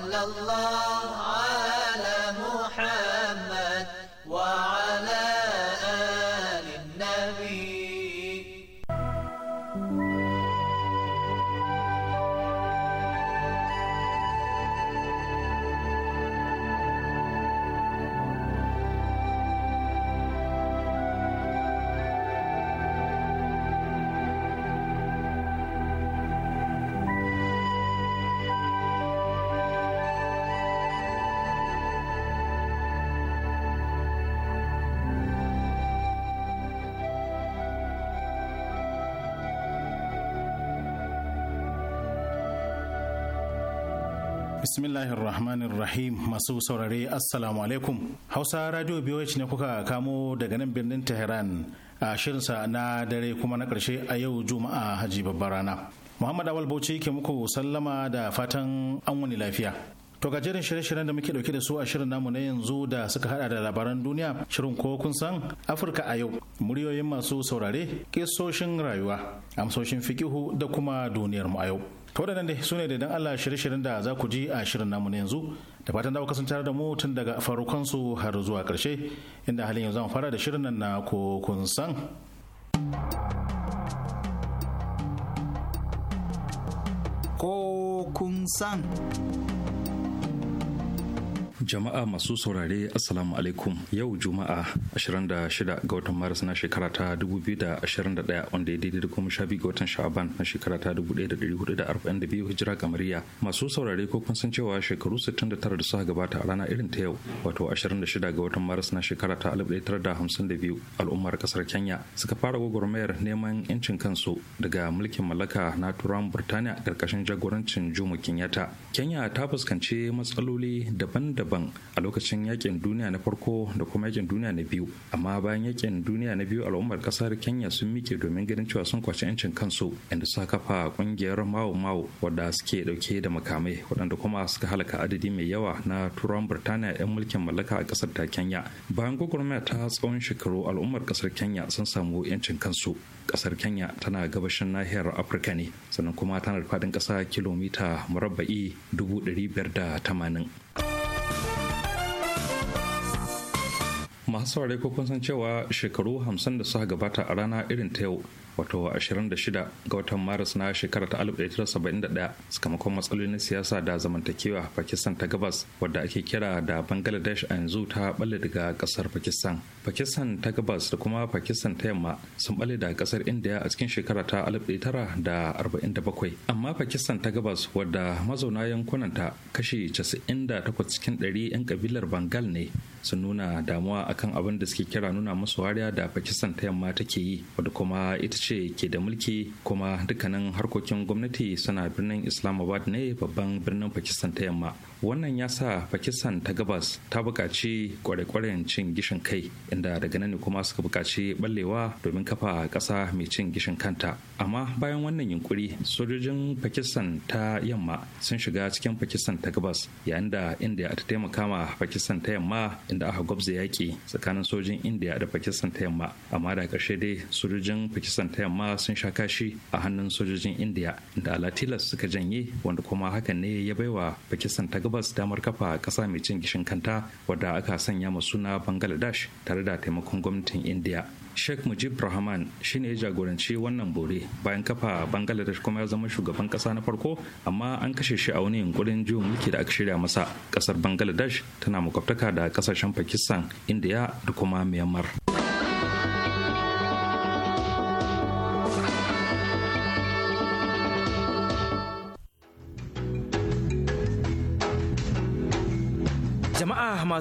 sallallahu bismillahir rahmanir rahim masu saurare assalamu alaikum hausa radio biyoyi ne kuka kamo daga nan birnin tehran a shirinsa na dare kuma na karshe a yau juma'a haji babbar rana muhammad awal bauchi ke muku sallama da fatan an wani lafiya To gajeren shirye-shiryen da muke dauke da su a shirin namu na yanzu da suka hada da labaran duniya shirin ko kun san Afirka a yau muryoyin masu saurare kesoshin rayuwa amsoshin fikihu da kuma duniyar mu a yau. to da nan dai su ne da idan Allah shirye-shiryen da za ku ji a shirin namu na yanzu da fatan dawo kasan tare da mu tun daga farkon har zuwa karshe inda halin yanzu zan fara da shirin nan na kun san kun san jama'a masu saurare assalamu alaikum yau juma'a 26 ga watan maris na shekara ta 2021 wanda ya daidai da kuma sha ga watan sha'aban na shekara ta 1442 hijira kamariya masu saurare ko kun san cewa shekaru 69 da suka gabata a rana irin ta yau wato 26 ga watan maris na shekara ta 1952 al'ummar kasar kenya suka fara gwagwarmayar neman yancin kansu daga mulkin mallaka na turan burtaniya karkashin jagorancin jomo kenyatta kenya ta fuskanci matsaloli daban-daban daban a lokacin yakin duniya na farko da kuma yakin duniya na biyu amma bayan yakin duniya na biyu al'ummar kasar kenya sun mike domin ganin cewa sun kwaci 'yancin kansu inda suka kafa kungiyar mao mao wadda suke dauke da makamai waɗanda kuma suka halaka adadi mai yawa na turawan birtaniya 'yan mulkin mallaka a kasar ta kenya bayan gwagwarmaya ta tsawon shekaru al'ummar kasar kenya sun samu 'yancin kansu kasar kenya tana gabashin nahiyar afirka ne sannan kuma tana da faɗin ƙasa kilomita murabba'i 580 masu saurare ko kun san cewa shekaru 50 da suka gabata a rana irin ta yau wato 26 ga watan maris na shekarar ta 1971 sakamakon matsaloli na siyasa da zamantakewa pakistan ta gabas wadda ake kira da bangladesh a yanzu ta balle daga kasar pakistan pakistan ta gabas da kuma pakistan ta yamma sun balle daga kasar india a cikin shekara ta 1947 amma pakistan ta gabas wadda mazauna yankunanta kashi 98 cikin 100 'yan kabilar bengal ne sun nuna damuwa akan abin da suke kira nuna musu wariya da pakistan ta yamma take yi wadda kuma ita ce ke da mulki kuma dukkanin harkokin gwamnati suna birnin islamabad ne babban birnin pakistan ta yamma wannan ya sa pakistan ta gabas ta buƙaci kwarekwaren cin gishin kai inda daga nan kuma suka buƙaci ballewa domin kafa ƙasa mai cin gishin kanta amma bayan wannan yunkuri sojojin pakistan ta yamma sun shiga cikin pakistan ta gabas yayin da india ta taimaka ma pakistan ta yamma inda aka gwabza yaƙi tsakanin sojin india da pakistan ta yamma amma da ƙarshe dai sojojin pakistan ta yamma sun sha kashi a hannun sojojin india inda alatilas suka janye wanda kuma hakan ne ya baiwa pakistan ta gabas Gabas damar kafa ƙasa mai cin gishin kanta wadda aka sanya ma suna bangladesh tare da taimakon gwamnatin india sheikh mujib rahman shine ya jagoranci wannan bore bayan kafa bangladesh kuma ya zama shugaban ƙasa na farko amma an kashe shi a wani yunkurin juyin mulki da aka shirya masa ƙasar bangladesh tana makwabtaka da ƙasashen pakistan india da kuma myanmar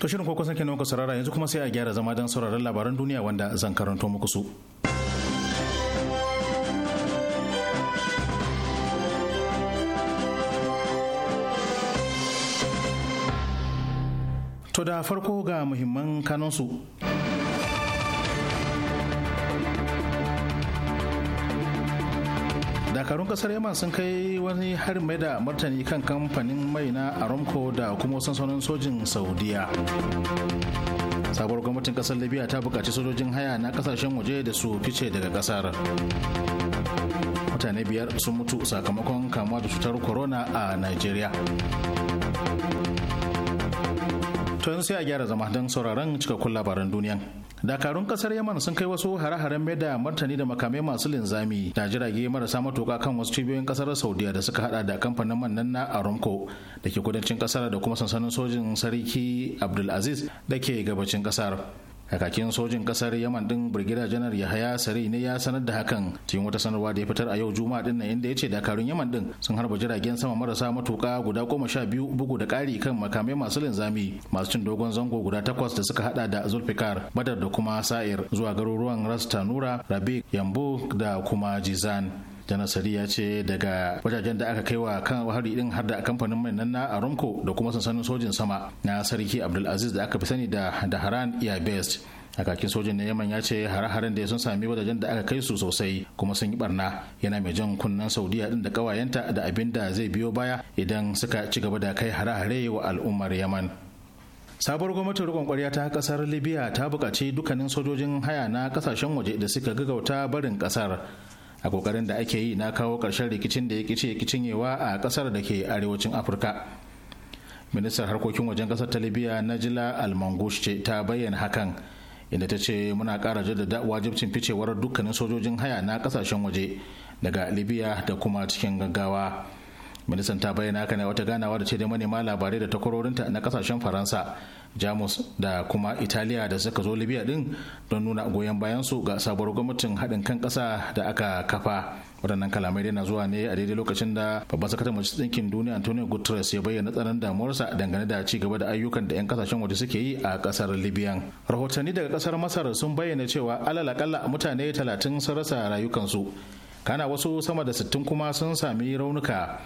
To shirin ko kusan kenan ku sarara yanzu kuma sai a gyara zama don sauraron labaran duniya wanda zan karanto muku su. To da farko ga muhimman kanunsu. dakarun kasar yaman sun kai wani harin mai da martani kan kamfanin mai na aramco da kuma sansanin sojin saudiya sabuwar gwamnatin kasar libya ta bukaci sojojin haya na kasashen waje da su fice daga kasar mutane biyar sun mutu sakamakon kamuwa da cutar corona a nigeria to sai a gyara zama don sauraron cikakkun labaran duniyan dakarun kasar yaman sun kai wasu hare-haren mai da martani da makamai masu linzami da jirage marasa matuka kan wasu cibiyoyin kasar saudiya da suka hada da kamfanin man nan na aramco da ke kudancin kasar da kuma sansanin sojin sarki abdulaziz da ke gabacin kasar kakakin sojin kasar yaman din birgida janar yahaya sare ne ya sanar da hakan cikin wata sanarwa da ya fitar a yau juma'a din nan inda ya ce dakarun yaman din sun harba jiragen sama marasa matuka guda goma sha biyu bugu da ƙari kan makamai masu linzami masu cin dogon zango guda takwas da suka hada da zulfikar badar da kuma sa'ir zuwa garuruwan rasta nura rabi yambo da kuma jizan janasari ya ce daga wajajen da aka kai wa kan hari din har da kamfanin mai nan na aramco da kuma sansanin sojin sama na sarki abdulaziz da aka fi sani da dahran iya best hakakin sojin na yaman ya ce hare-haren da sun sami wajajen da aka kai su sosai kuma sun yi barna yana mai jan kunnen saudiya din da kawayenta da abin da zai biyo baya idan suka ci gaba da kai hare-hare wa al'ummar yaman sabuwar gwamnatin rikon kwarya ta kasar libya ta bukaci dukkanin sojojin haya na kasashen waje da suka gagauta barin kasar a kokarin da ake yi na kawo ƙarshen rikicin da ya kice kicinyewa a ƙasar da ke arewacin afirka ministan harkokin wajen ƙasar ta libya najila almangush ce ta bayyana hakan inda ta ce muna ƙara jaddada wajibcin ficewar dukkanin sojojin haya na ƙasashen waje daga libya da kuma cikin gaggawa ministan ta bayyana haka ne wata ganawa da ce da manema labarai da takwarorinta na kasashen faransa jamus da kuma italiya da suka zo libya din don nuna goyon bayansu ga sabuwar gwamnatin haɗin kan kasa da aka kafa wadannan kalamai dai na zuwa ne a daidai lokacin da babban sakataren majalisar ɗinkin duniya antonio guterres ya bayyana tsaron damuwarsa dangane da ci gaba da ayyukan da 'yan kasashen waje suke yi a kasar libyan rahotanni daga kasar masar sun bayyana cewa alal akalla mutane talatin sun rasa rayukansu kana wasu sama da sittin kuma sun sami raunuka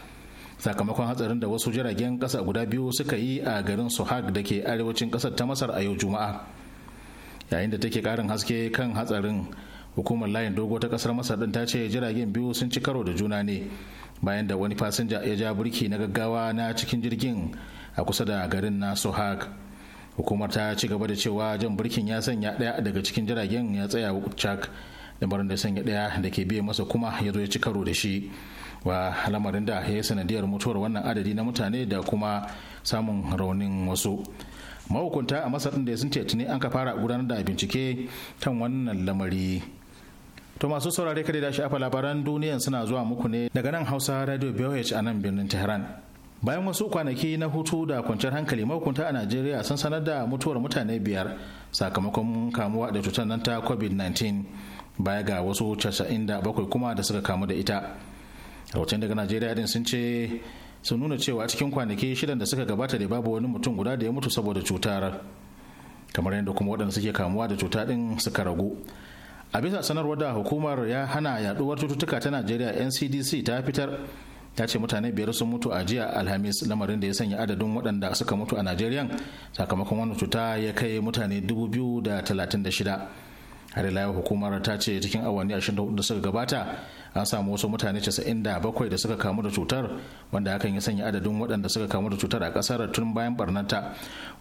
sakamakon hatsarin da wasu jiragen kasa guda biyu suka yi a garin suhag da ke arewacin kasar ta masar a yau juma'a yayin da take karin haske kan hatsarin hukumar layin dogo ta kasar masar din ta ce jiragen biyu sun ci karo da juna ne bayan da wani fasinja ya ja birki na gaggawa na cikin jirgin a kusa da garin na suhag hukumar ta ci gaba da cewa jan birkin ya sanya daya daga cikin jiragen ya tsaya cak lamarin da sanya daya da ke biye masa kuma ya zo ya ci karo da shi wa lamarin da ya sanadiyar mutuwar wannan adadi na mutane da kuma samun raunin wasu mahukunta a masar da sun tuni an ka fara gudanar da bincike kan wannan lamari to masu saurare kada da shi shafa labaran duniya suna zuwa muku ne daga nan hausa radio BOH a nan birnin tehran bayan wasu kwanaki na hutu da kwanciyar hankali mahukunta a najeriya sun sanar da mutuwar mutane biyar sakamakon kamuwa da cutar nan ta covid-19 baya ga wasu 97 kuma da suka kamu da ita wacce daga najeriya din sun ce sun nuna cewa a cikin kwanaki shidan da suka gabata da babu wani mutum guda da ya mutu saboda cutar kamar yadda kuma waɗanda suke kamuwa da cuta din suka ragu a bisa sanarwar da hukumar ya hana yaduwar cututtuka ta najeriya ncdc ta fitar ta ce mutane biyar sun mutu a jiya alhamis lamarin da ya sanya adadin waɗanda suka mutu a najeriya sakamakon wani cuta ya kai mutane dubu biyu da talatin da shida har ila hukumar ta ce cikin awanni 24 da suka gabata an samu wasu mutane 97 da suka kamu da cutar wanda hakan ya sanya adadin waɗanda suka kamu da cutar a kasar tun bayan barnata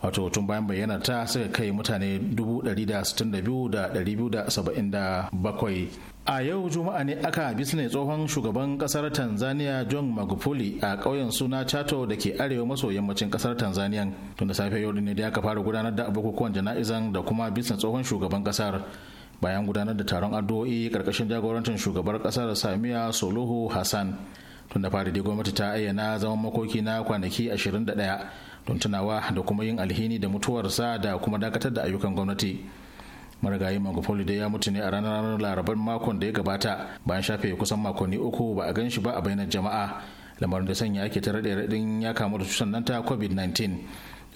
wato tun bayan bayyanar ta suka kai mutane 277. a yau juma'a ne aka bisne tsohon shugaban kasar tanzania john magufuli a ƙauyen suna chato da ke arewa maso yammacin kasar tanzania tun safe yau ne da aka fara gudanar da bukukuwan jana'izan da kuma bisne tsohon shugaban kasar bayan gudanar da taron addu'o'i karkashin jagorancin shugabar kasar samiya soluhu hassan tun da fari gwamnati ta ayyana zaman makoki na kwanaki 21 don tunawa da kuma yin alhini da mutuwarsa da kuma dakatar da ayyukan gwamnati marigayi magufuli da ya mutu ne a ranar larabar makon da ya gabata bayan shafe kusan makonni uku ba a gan shi ba a bainar jama'a lamarin da sanya ake ta raɗe raɗin ya kamu da cutar nan ta covid-19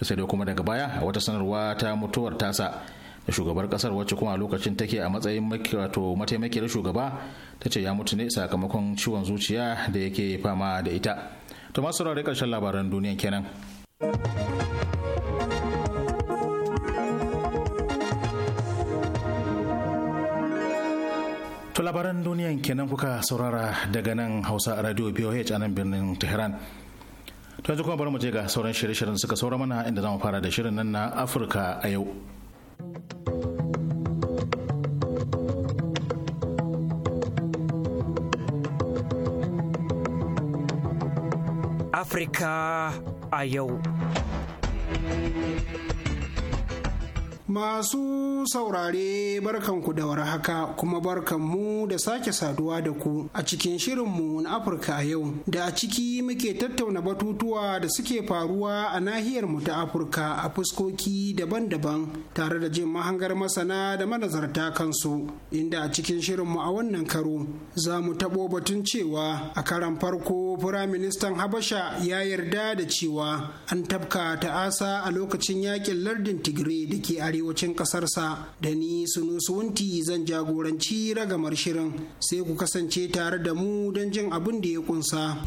sai dai kuma daga baya a wata sanarwa ta mutuwar tasa da shugabar kasar wacce kuma a lokacin take a matsayin wato mataimakiyar shugaba ta ce ya mutu ne sakamakon ciwon zuciya da yake fama da ita to masu rarrai karshen labaran duniya kenan To labaran duniyan kenan kuka saurara daga nan Hausa Radio BOH a nan birnin Tehran. To yanzu kuma bari mu je ga sauran shirye-shiryen suka saura mana inda zamu fara da shirin nan na Afirka a yau. Afirka a yau. Masu saurare barkanku da warhaka kuma barkanmu da sake saduwa da ku a cikin shirinmu na Afirka a yau da a ciki muke tattauna batutuwa da suke faruwa a nahiyar mu ta Afirka a fuskoki daban-daban tare da jin mahangar masana da manazarta kansu inda a cikin shirinmu a wannan karo za mu taɓo batun cewa a karan farko Firaministan Habasha ya yarda da cewa an tafka ta'asa a lokacin yakin lardin Tigray da ke arewa. arewacin ƙasarsa da ni sunusu wunti zan jagoranci ragamar shirin sai ku kasance tare da mu don jin abin da ya kunsa.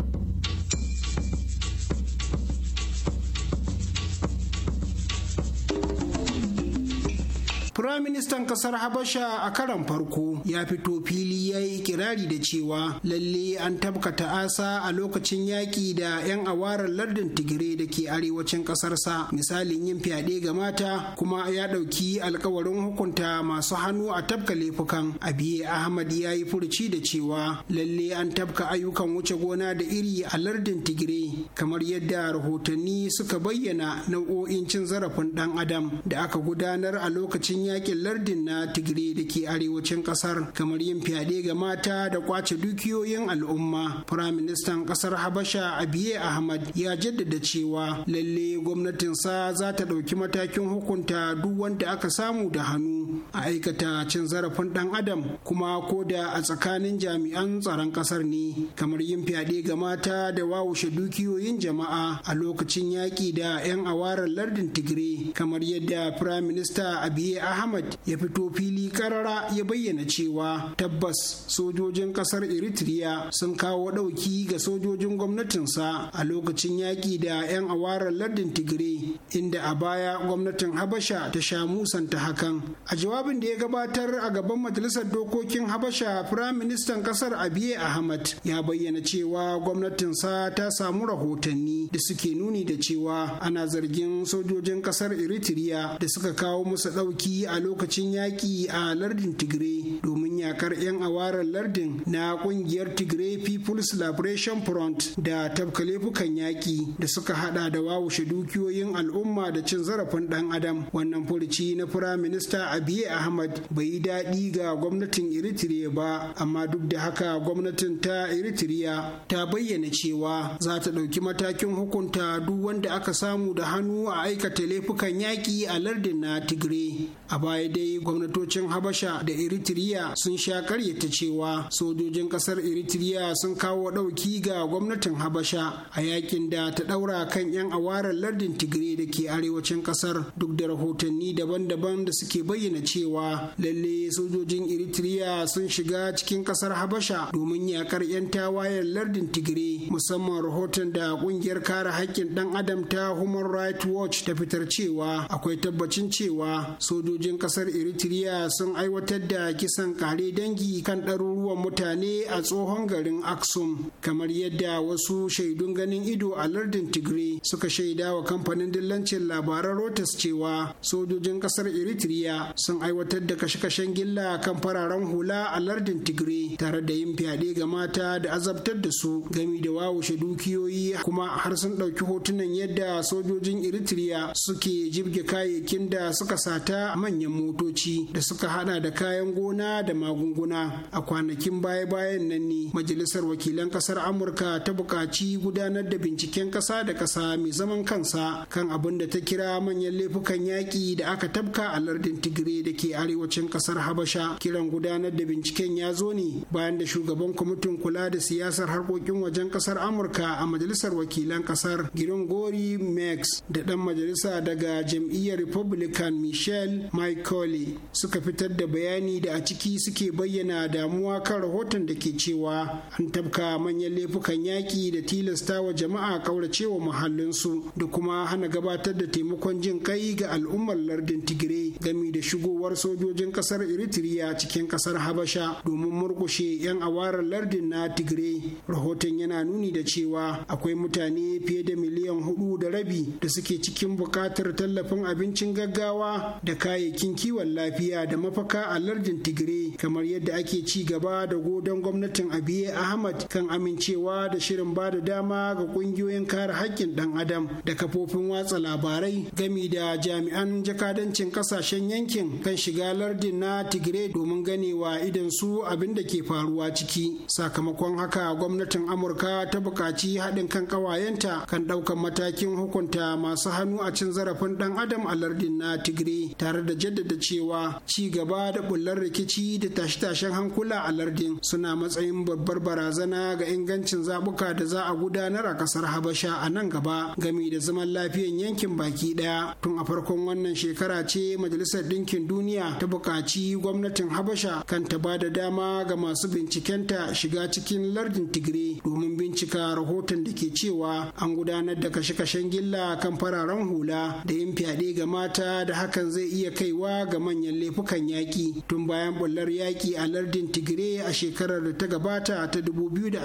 Firaministan ƙasar Habasha a karan farko ya fito fili ya yi kirari da cewa lalle an tabkata asa a lokacin yaƙi da 'yan awarar lardin tigire da ke arewacin ƙasarsa misalin yin fyaɗe ga mata kuma ya ɗauki alkawarin hukunta masu hannu a tabka laifukan abiye ahmad ya yi furci da cewa lalle an tabka ayyukan wuce gona da iri a lardin tigire kamar yadda rahotanni suka bayyana nau'o'in cin zarafin ɗan adam da aka gudanar a lokacin yakin lardin na tigray da ke arewacin kasar kamar yin fyaɗe ga mata da kwace dukiyoyin al'umma firaministan kasar habasha abiye ahmad ya jaddada cewa lalle gwamnatinsa za ta ɗauki matakin hukunta duk wanda aka samu da hannu a aikata cin zarafin ɗan adam kuma ko da a tsakanin jami'an tsaron kasar ne kamar yin fyaɗe ga mata da wawushe dukiyoyin jama'a a lokacin yaƙi da 'yan awarar lardin tigray kamar yadda firaminista abiye ahmad ahmad ya fito fili karara ya bayyana cewa tabbas sojojin kasar eritrea sun kawo ɗauki ga sojojin gwamnatinsa a lokacin yaƙi da 'yan awarar lardin tigre inda a baya gwamnatin habasha ta sha musanta hakan a jawabin da ya gabatar a gaban majalisar dokokin habasha firayim ministan kasar abiye ahmad ya bayyana cewa gwamnatinsa ta samu rahotanni da suke nuni da cewa ana zargin sojojin kasar eritrea da suka kawo musu ɗauki a lokacin yaƙi a lardin Tigray domin yakar 'yan awarar lardin na ƙungiyar Tigray People's Liberation Front da tafka laifukan yaƙi da suka hada da wawushe dukiyoyin al'umma da cin zarafin ɗan adam. Wannan furuci na Firaminista Abiy Ahmad bai yi daɗi ga gwamnatin Eritrea ba, amma duk da haka gwamnatin ta Eritrea ta bayyana cewa za ta ɗauki matakin hukunta duk wanda aka samu da hannu a aikata laifukan yaƙi a lardin na Tigray. A baya dai gwamnatocin habasha da eritrea sun sha karyata cewa sojojin kasar eritrea sun kawo ɗauki ga gwamnatin habasha a yakin da ta ɗaura kan 'yan awarar lardin tigray da ke arewacin kasar duk da rahotanni daban-daban da suke bayyana cewa lalle sojojin eritrea sun shiga cikin kasar habasha domin yakar 'yan tawayen lardin tigray musamman rahoton da kungiyar kare haƙƙin ɗan adam ta human rights watch ta fitar cewa akwai tabbacin cewa sojojin sojojin kasar eritrea sun aiwatar da kisan kare dangi kan ɗaruruwan mutane a tsohon garin aksum kamar yadda wasu shaidun ganin ido a lardin tigray suka shaida wa kamfanin dillancin labaran rotas cewa sojojin kasar eritrea sun aiwatar da kashe-kashen gilla kan fararen hula a lardin tigray tare da yin fyaɗe ga mata da azabtar da su gami da wawushe dukiyoyi kuma har sun ɗauki hotunan yadda sojojin eritrea suke jibge kayayyakin da suka sata manya. manyan motoci da suka hada da kayan gona da magunguna a kwanakin baya-bayan nan ne majalisar wakilan kasar amurka ta buƙaci gudanar da binciken ƙasa da ƙasa mai zaman kansa kan abin da ta kira manyan laifukan yaƙi da aka tabka a lardin tigire da ke arewacin ƙasar habasha kiran gudanar da binciken ya zo ne bayan da shugaban kwamitin kula da siyasar harkokin wajen ƙasar amurka a majalisar wakilan ƙasar girin gori max da ɗan majalisa daga jam'iyyar republican michelle mike coley suka fitar da bayani da a ciki suke bayyana damuwa kan rahoton da ke cewa an tabka manyan laifukan yaƙi da tilasta wa jama'a ƙauracewa muhallinsu da kuma hana gabatar da taimakon jin kai ga al'ummar lardin tigray gami da shigowar sojojin ƙasar eritrea cikin ƙasar habasha domin murƙushe 'yan awarar lardin na tigray rahoton yana nuni da cewa akwai mutane fiye da miliyan hudu da rabi da suke cikin buƙatar tallafin abincin gaggawa da kayayyaki harkokin kiwon lafiya da mafaka a lardin tigre kamar yadda ake ci gaba da godon gwamnatin abiye ahmad kan amincewa da shirin ba da dama ga kungiyoyin kare haƙƙin ɗan adam da kafofin watsa labarai gami da jami'an jakadancin ƙasashen yankin kan shiga lardin na tigire domin ganewa idan su abin da ke faruwa ciki sakamakon haka gwamnatin amurka ta buƙaci haɗin kan ƙawayenta kan ɗaukan matakin hukunta masu hannu a cin zarafin ɗan adam a lardin na tigire tare da jaddada cewa ci gaba da bullar rikici da tashe-tashen hankula a lardin suna matsayin babbar barazana ga ingancin zabuka da za a gudanar a kasar habasha a nan gaba game da zaman lafiyan yankin baki daya tun a farkon wannan shekara ce majalisar ɗinkin duniya ta buƙaci gwamnatin habasha kan ta ba da dama ga masu bincikenta shiga cikin lardin tigre domin bincika rahoton da ke cewa an gudanar da kashe-kashen gilla kan fararen hula da yin fyaɗe ga mata da hakan zai iya kai kaiwa ga manyan laifukan yaƙi tun bayan bullar yaƙi a lardin tigray a shekarar da ta gabata ta 2020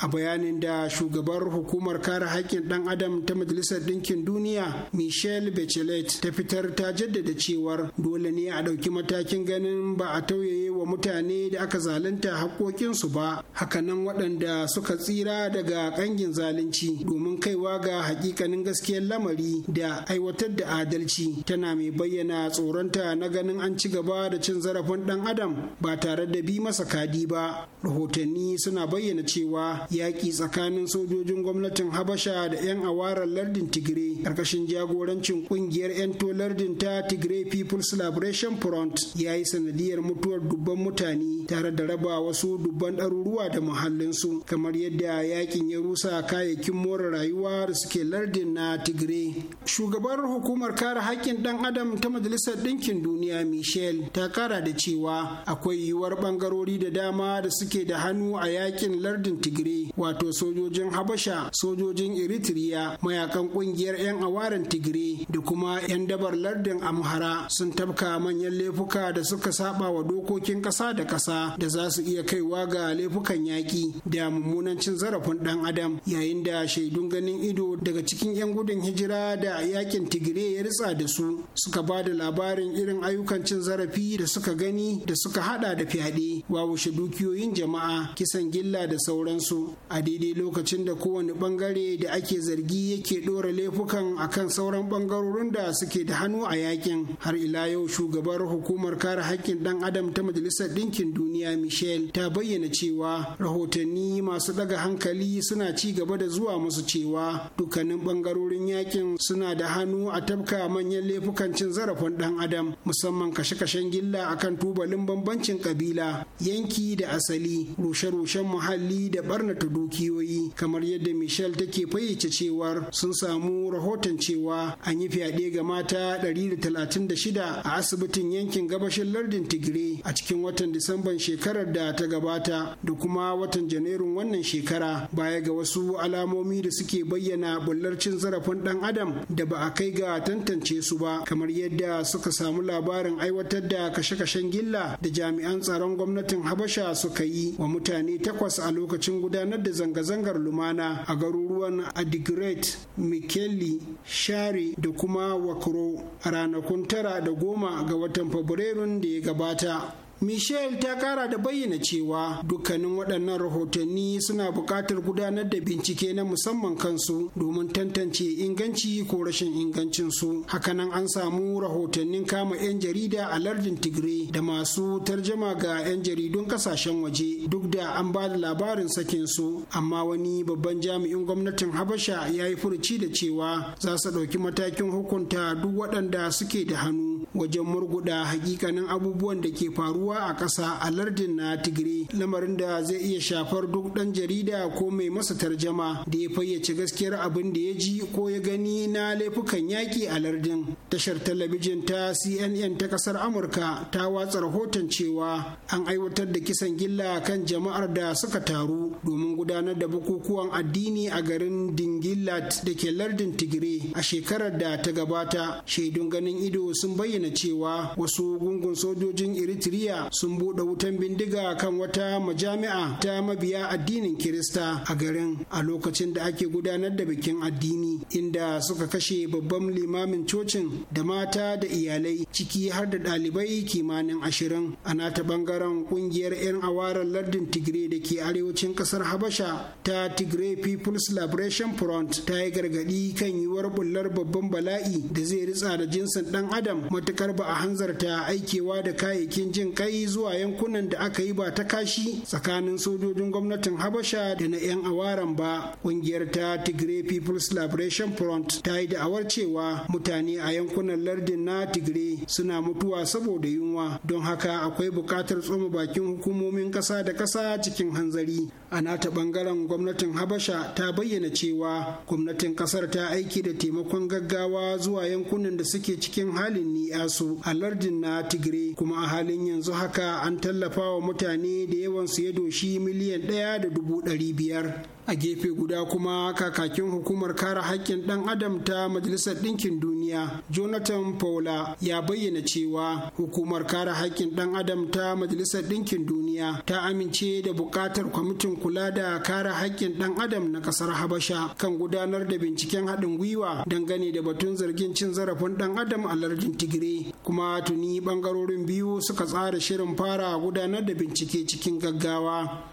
a bayanin da shugabar hukumar kare haƙƙin ɗan adam ta majalisar ɗinkin duniya michelle bachelet ta fitar ta jaddada cewar dole ne a ɗauki matakin ganin ba a tauyaye wa mutane da aka zalunta haƙoƙinsu ba hakanan waɗanda suka tsira daga ƙangin zalunci domin kaiwa ga haƙiƙanin gaskiyar lamari da aiwatar da adalci tana mai bayyana tsoronta na ganin an ci gaba da cin zarafin ɗan adam ba tare da bi masa kadi ba rahotanni suna bayyana cewa yaƙi tsakanin sojojin gwamnatin habasha da 'yan awarar lardin tigray ƙarƙashin jagorancin ƙungiyar 'yan to lardin ta tigray people's liberation front ya yi sanadiyar mutuwar dubban mutane tare da raba wasu dubban ɗaruruwa da muhallinsu kamar yadda yaƙin ya rusa kayayyakin more rayuwa da suke lardin na tigray shugabar hukumar kare haƙƙin ɗan adam ta majalisar ɗinkin duniya michel ta kara da cewa akwai yiwuwar ɓangarori da dama da suke da hannu a yaƙin lardin tigray wato sojojin habasha sojojin eritrea mayakan kungiyar 'yan awaren tigre da kuma 'yan dabar lardin amhara sun tabka manyan laifuka da suka saba wa dokokin kasa da kasa da za su iya kaiwa ga laifukan yaƙi da mummunan cin zarafin ɗan adam yayin da shaidun ganin ido daga cikin 'yan gudun hijira da yakin tigire ya ritsa da su suka ba da labarin irin ayyukan cin zarafi da suka gani da suka hada da fyaɗe wawushe dukiyoyin jama'a kisan gilla da sauransu a daidai lokacin da kowane bangare da ake zargi yake ɗora laifukan akan sauran bangarorin da suke da hannu a yakin har ila yau shugabar hukumar kare haƙƙin dan adam ta majalisar ɗinkin duniya michel ta bayyana cewa rahotanni masu ɗaga hankali suna ci gaba da zuwa musu cewa dukkanin bangarorin yakin suna da hannu a tabka manyan laifukan cin zarafin dan adam musamman kashe-kashen gilla akan tubalin bambancin kabila yanki da asali rushe-rushen muhalli da barna ta dukiyoyi kamar yadda Michel take fayyace cewar sun samu rahoton cewa an yi fyaɗe ga mata 136 a asibitin yankin gabashin lardin Tigre a cikin watan Disamban shekarar da ta gabata da kuma watan Janairun wannan shekara baya ga wasu alamomi da suke bayyana bullarcin zarafin ɗan adam da ba a kai ga tantance su ba kamar yadda suka samu labarin aiwatar da kashe-kashen gilla da jami'an tsaron gwamnatin Habasha suka yi wa mutane takwas a lokacin gudanar gudanar da zanga-zangar lumana a garuruwan adigret mikeli share da kuma wakro ranakun tara da goma ga watan fabrairun da ya gabata Michel ta kara da bayyana cewa dukkanin waɗannan rahotanni suna buƙatar gudanar da bincike na musamman kansu domin tantance inganci ko rashin ingancinsu. Hakanan an samu rahotannin kama 'yan jarida a lardin Tigray da masu tarjama ga 'yan jaridun ƙasashen waje duk da an ba da labarin sakin su amma wani babban jami'in gwamnatin Habasha ya yi furuci da cewa za su ɗauki matakin hukunta duk waɗanda suke da hannu wajen murguɗa hakikanin abubuwan da ke faruwa faruwa a ƙasa a lardin na tigray lamarin da zai iya shafar duk ɗan jarida ko mai masa tarjama da ya fayyace gaskiyar abin da ya ji ko ya gani na laifukan yaƙi a lardin tashar talabijin ta cnn ta ƙasar amurka ta watsa rahoton cewa an aiwatar da kisan gilla kan jama'ar da suka taru domin gudanar da bukukuwan addini a garin dingillat da ke lardin tigray a shekarar da ta gabata shaidun ganin ido sun bayyana cewa wasu gungun sojojin eritrea Nigeria sun buɗe wutan bindiga kan wata majami'a ta mabiya addinin Kirista a garin a lokacin da ake gudanar da bikin addini inda suka kashe babban limamin cocin da mata da iyalai ciki har da ɗalibai kimanin ashirin a nata bangaren kungiyar 'yan awarar lardin Tigray da ke arewacin ƙasar Habasha ta Tigray People's Liberation Front ta yi gargadi kan yiwuwar bullar babban bala'i da zai ritsa da jinsin ɗan adam matukar ba a hanzarta aikewa da kayayyakin jin kai yi zuwa yankunan da aka yi ba ta kashi tsakanin sojojin gwamnatin habasha da na 'yan awaran ba kungiyar ta tigray people's liberation front ta yi da'awar cewa mutane a yankunan lardin na tigray suna mutuwa saboda yunwa don haka akwai buƙatar tsoma bakin hukumomin ƙasa da ƙasa cikin hanzari a nata bangaren gwamnatin habasha ta bayyana cewa gwamnatin kasar ta aiki da taimakon gaggawa zuwa yankunan da suke cikin halin su a lardin na tigre kuma a halin yanzu haka an tallafa wa mutane da yawan su ya doshi miliyan ɗaya da dubu ɗari biyar a gefe guda kuma kakakin hukumar kare haƙƙin ɗan adam ta majalisar ɗinkin duniya jonathan paula ya bayyana cewa hukumar kare haƙƙin ɗan adam ta majalisar ɗinkin duniya ta amince da buƙatar kwamitin kula da kare haƙƙin ɗan adam na ƙasar habasha kan gudanar da binciken haɗin gwiwa dangane da batun zargin cin zarafin ɗan adam a lardin tigire kuma tuni ɓangarorin biyu suka tsara shirin fara gudanar da bincike cikin gaggawa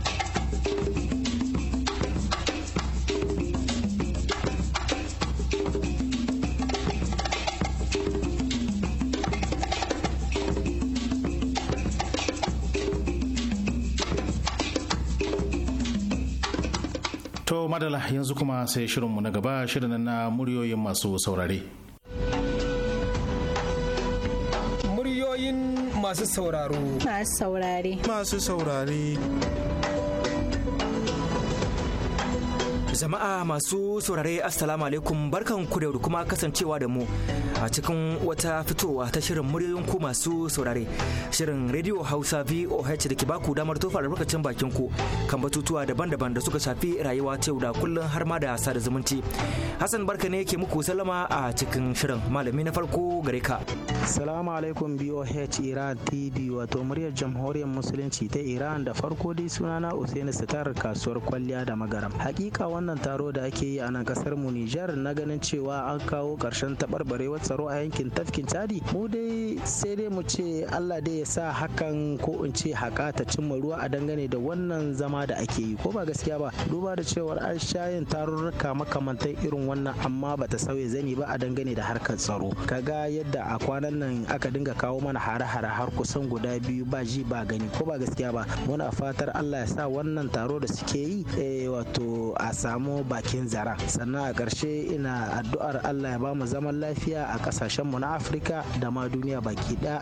madala yanzu kuma sai shirinmu na gaba shirin na muryoyin masu saurare. Muryoyin masu sauraro. Masu saurare. Masu saurare. Jama'a masu saurare Assalamu alaikum barkan ku da kuma kasancewa da mu a cikin wata fitowa ta shirin muryoyin ku masu saurare. Shirin Radio Hausa VOH da ke baku damar tofa albarkacin bakin ku kan batutuwa daban-daban da suka shafi rayuwa ta da kullum har ma da sada zumunci. Hassan barka ne ke muku sallama a cikin shirin malami na farko gare ka. Assalamu alaikum VOH Iran TV wato muryar jamhuriyar musulunci ta Iran da farko dai sunana Usaini Sitar kasuwar kwalliya da magaram. Hakika wannan wannan taro da ake yi a nan kasar mu Nijar na ganin cewa an kawo karshen taɓarɓarewar tsaro a yankin tafkin Chadi mu dai sai dai mu ce Allah dai ya sa hakan ko in ce haka ta cimma ruwa a dangane da wannan zama da ake yi ko ba gaskiya ba duba da cewar an sha yin tarurruka makamantan irin wannan amma ba ta sauya zani ba a dangane da harkar tsaro ka ga yadda a kwanan nan aka dinga kawo mana hare-hare har kusan guda biyu ba ji ba gani ko ba gaskiya ba muna fatar Allah ya sa wannan taro da suke yi eh, wato a samu samu bakin zara sannan a ƙarshe ina addu'ar allah ya ba mu zaman lafiya a mu na afirka da ma duniya baki ɗaya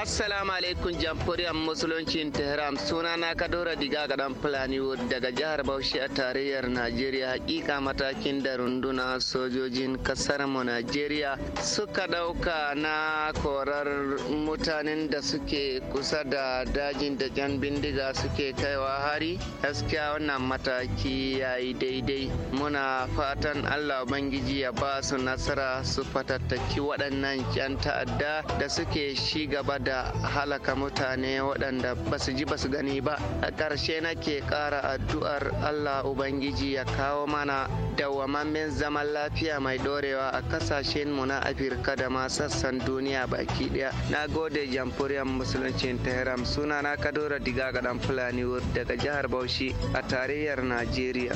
assalamu alaikum jamhuriyar musuluncin tehran suna na kadora diga dan fulani daga jihar bauchi a tarayyar najeriya hakika matakin da runduna sojojin kasar mu najeriya suka dauka na korar mutanen da suke kusa da dajin da jan bindiga suke kaiwa hari gaskiya wannan mataki ya yi daidai dai muna fatan allah ubangiji ya ba su nasara su fatattaki waɗannan 'yan ta'adda da suke shi gaba da halaka mutane waɗanda ba su ji ba su gani ba a ƙarshe nake ƙara addu'ar allah ubangiji ya kawo mana dawwamammen zaman lafiya mai ɗorewa a kasashen mu na afirka da ma sassan duniya baki ɗaya na gode jamhuriyar musuluncin tehran suna na kadora diga ga fulani daga jihar bauchi a tarayyar najeriya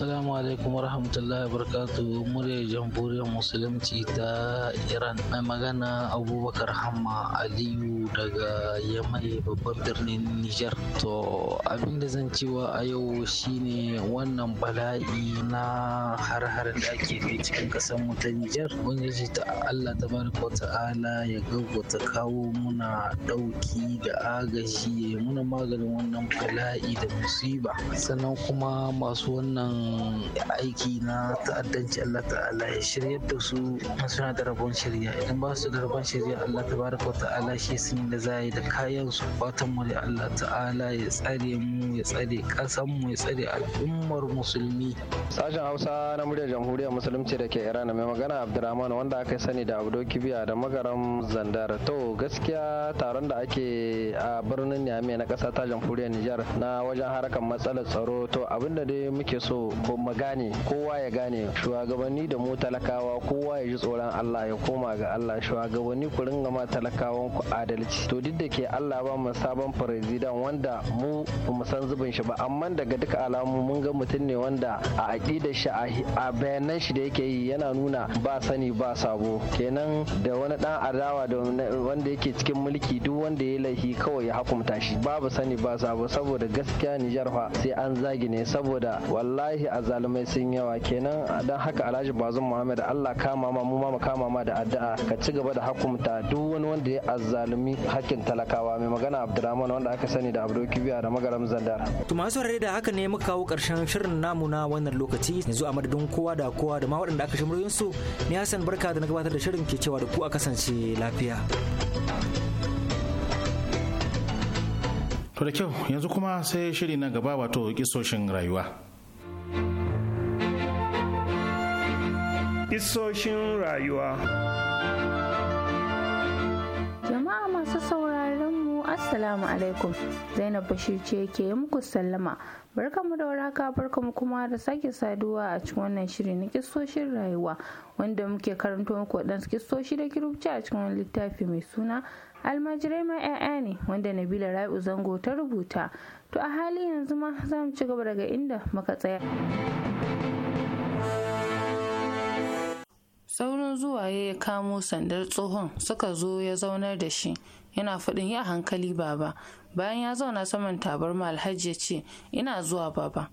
Assalamu alaikum warahmatullahi wabarakatuh murya jamhuriyar musulunci ta Iran mai magana Abubakar Hamma Aliyu daga Yamai babban birnin Nijar. To abin da zan cewa a yau shine wannan bala'i na har-har da ake kai cikin kasar mu ta Nijar. Ubangiji ta Allah ta baraka ta'ala ya ta kawo muna ɗauki da agaji ya muna maganin wannan bala'i da musiba. Sannan kuma masu wannan aiki na ta'addanci Allah ta'ala ya shiryar da su suna da rabon shirya idan ba su da rabon shirya Allah tabaraka wa ta'ala shi sun da za yi da kayan su fatan mu da Allah ta'ala ya tsare mu ya tsare kasan mu ya tsare al'ummar musulmi sashen Hausa na muryar jamhuriyar musulunci da ke Iran mai magana Abdulrahman wanda aka sani da Abdo Kibiya da magaram Zandar to gaskiya taron da ake a birnin Niamey na kasa ta jamhuriyar Nijar na wajen harakan matsalar tsaro to abinda dai muke so ko gane kowa ya gane shugabanni da mu talakawa kowa ya ji tsoron Allah ya koma ga Allah shugabanni ku ringa ma talakawan ku adalci to duk da ke Allah ba mu sabon president wanda mu ba mu san zubin shi ba amma daga duka alamu mun ga mutum ne wanda a aqidar shi a bayanan shi da yake yi yana nuna ba sani ba sabo kenan da wani dan adawa da wanda yake cikin mulki duk wanda ya laifi kawai ya hukunta shi babu sani ba sabo saboda gaskiya Nijar fa sai an zagi ne saboda wallahi azalumai sun yawa kenan don haka alhaji bazum muhammad allah kama ma mu ma mu kama ma da addu'a ka ci gaba da hukunta duk wani wanda ya azalumi hakkin talakawa mai magana abdurrahman wanda aka sani da abdo kibiya da magaram zandar to masu da haka ne muka kawo karshen shirin namu na wannan lokaci yanzu a madadin kowa da kowa da ma waɗanda aka shimriyin su ni hasan barka da na gabatar da shirin ke cewa da ku a kasance lafiya to da kyau yanzu kuma sai shiri na gaba wato kisoshin rayuwa Isoshin rayuwa Jama'a masu sauraron mu Assalamu alaikum Zainab Bashir ce ke muku sallama barkamu da waraka barkamu kuma da sake saduwa a cikin wannan shiri na kistoshin rayuwa wanda muke karanto muku waɗansu kistoshi da kirubci a cikin wani littafi mai suna almajirai ma 'ya'ya ne wanda nabila rai'u zango ta rubuta to a hali yanzu ma za mu ci gaba daga inda muka tsaya saurin zuwa ya kamo sandar tsohon suka zo ya zaunar da shi yana faɗin ya hankali baba bayan ya zauna saman tabarma alhaji ya ce ina zuwa baba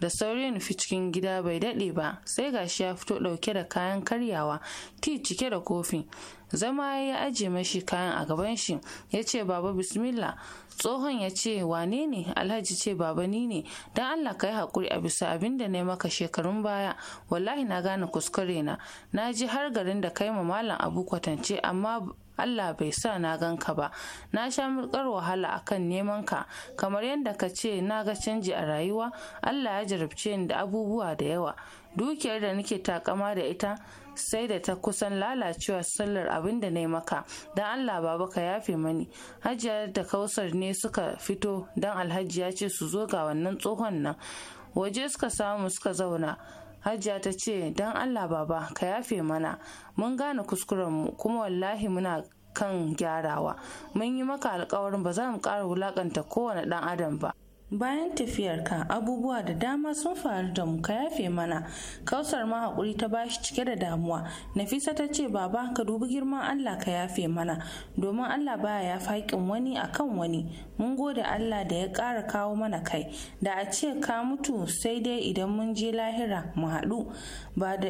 da sauri nufi cikin gida bai daɗe ba sai gashi ya fito ɗauke da kayan karyawa ti cike da kofi zama ya aje mashi kayan a gaban shi ya ce baba bismillah tsohon ya ce wane ne alhaji ce baba ni ne don allah ka yi haƙuri a bisa abin da na maka shekarun baya wallahi na gane kuskure na na ji har garin da kai ma malam abu kwatance amma Allah bai sa na gan ka ba na sha mulkar wahala akan neman ka kamar yadda ka ce na ga canji a rayuwa Allah ya jarabce ni da abubuwa da yawa dukiyar da nake takama da ita sai da ta kusan lalacewa sallar abin da na yi maka don Allah baba ka yafe mani hajiya da kausar ne suka fito don alhaji ya ce su zo ga wannan tsohon nan waje suka samu suka zauna hajiya ta ce don allah baba ka yafe mana mun gane kuskuren mu, kuma wallahi muna kan gyarawa mun yi maka alkawarin ba za mu ƙara wulaƙanta kowane ɗan adam ba bayan tafiyarka abubuwa da dama sun faru da mu ka yafe mana kausar ma hakuri ta bashi cike da damuwa nafisa ta ce baba ka dubi girman allah ka yafe mana domin allah baya ya faƙin wani akan wani mun gode allah da ya ƙara kawo mana kai da a ce ka mutu sai dai idan mun je lahira mu haɗu ba da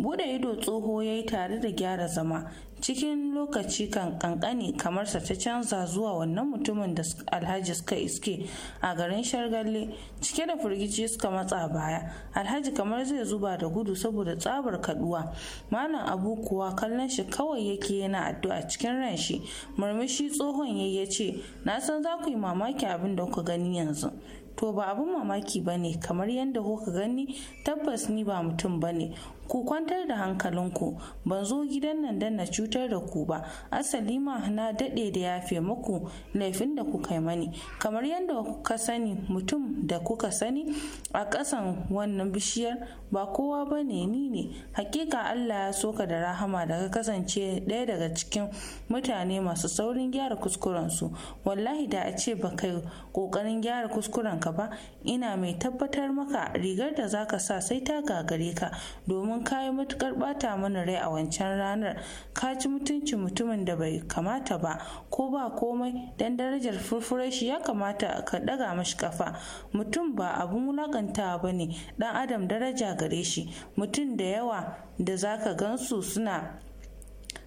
bude ido tsoho ya yi tare da gyara zama cikin lokaci kan kankani sa ta canza zuwa wannan mutumin da alhaji suka iske a garin shargalle cike da firgici suka matsa baya alhaji kamar zai zuba da gudu saboda tsabar kaduwa malam abu kuwa kallon shi kawai yake yana addu'a cikin ran shi murmushi tsohon yayi ya ce na san za ku yi mamaki abin da kuka gani yanzu to ba abin mamaki ba ne kamar yadda kuka gani tabbas ni ba mutum ba ne ku kwantar da hankalinku ban zo gidan nan dan na cutar da ku ba asali ma na daɗe da yafe muku laifin da kuka yi mani kamar yadda kuka sani mutum da kuka sani a ƙasan wannan bishiyar ba kowa ba ne ni ne hakika allah ya soka da rahama da ka kasance ɗaya daga cikin mutane masu saurin gyara kuskurensu wallahi da a ce ba kai ƙoƙarin gyara kuskurenka ba ina mai tabbatar maka rigar da zaka sa sai ta gagare ka domin domin ka yi matukar bata mana rai a wancan ranar ka ci mutuncin mutumin da bai kamata ba ko ba komai dan darajar shi ya kamata ka daga mashi kafa mutum ba abun wulakantawa ba ne dan adam daraja gare shi mutum da yawa da zaka gansu suna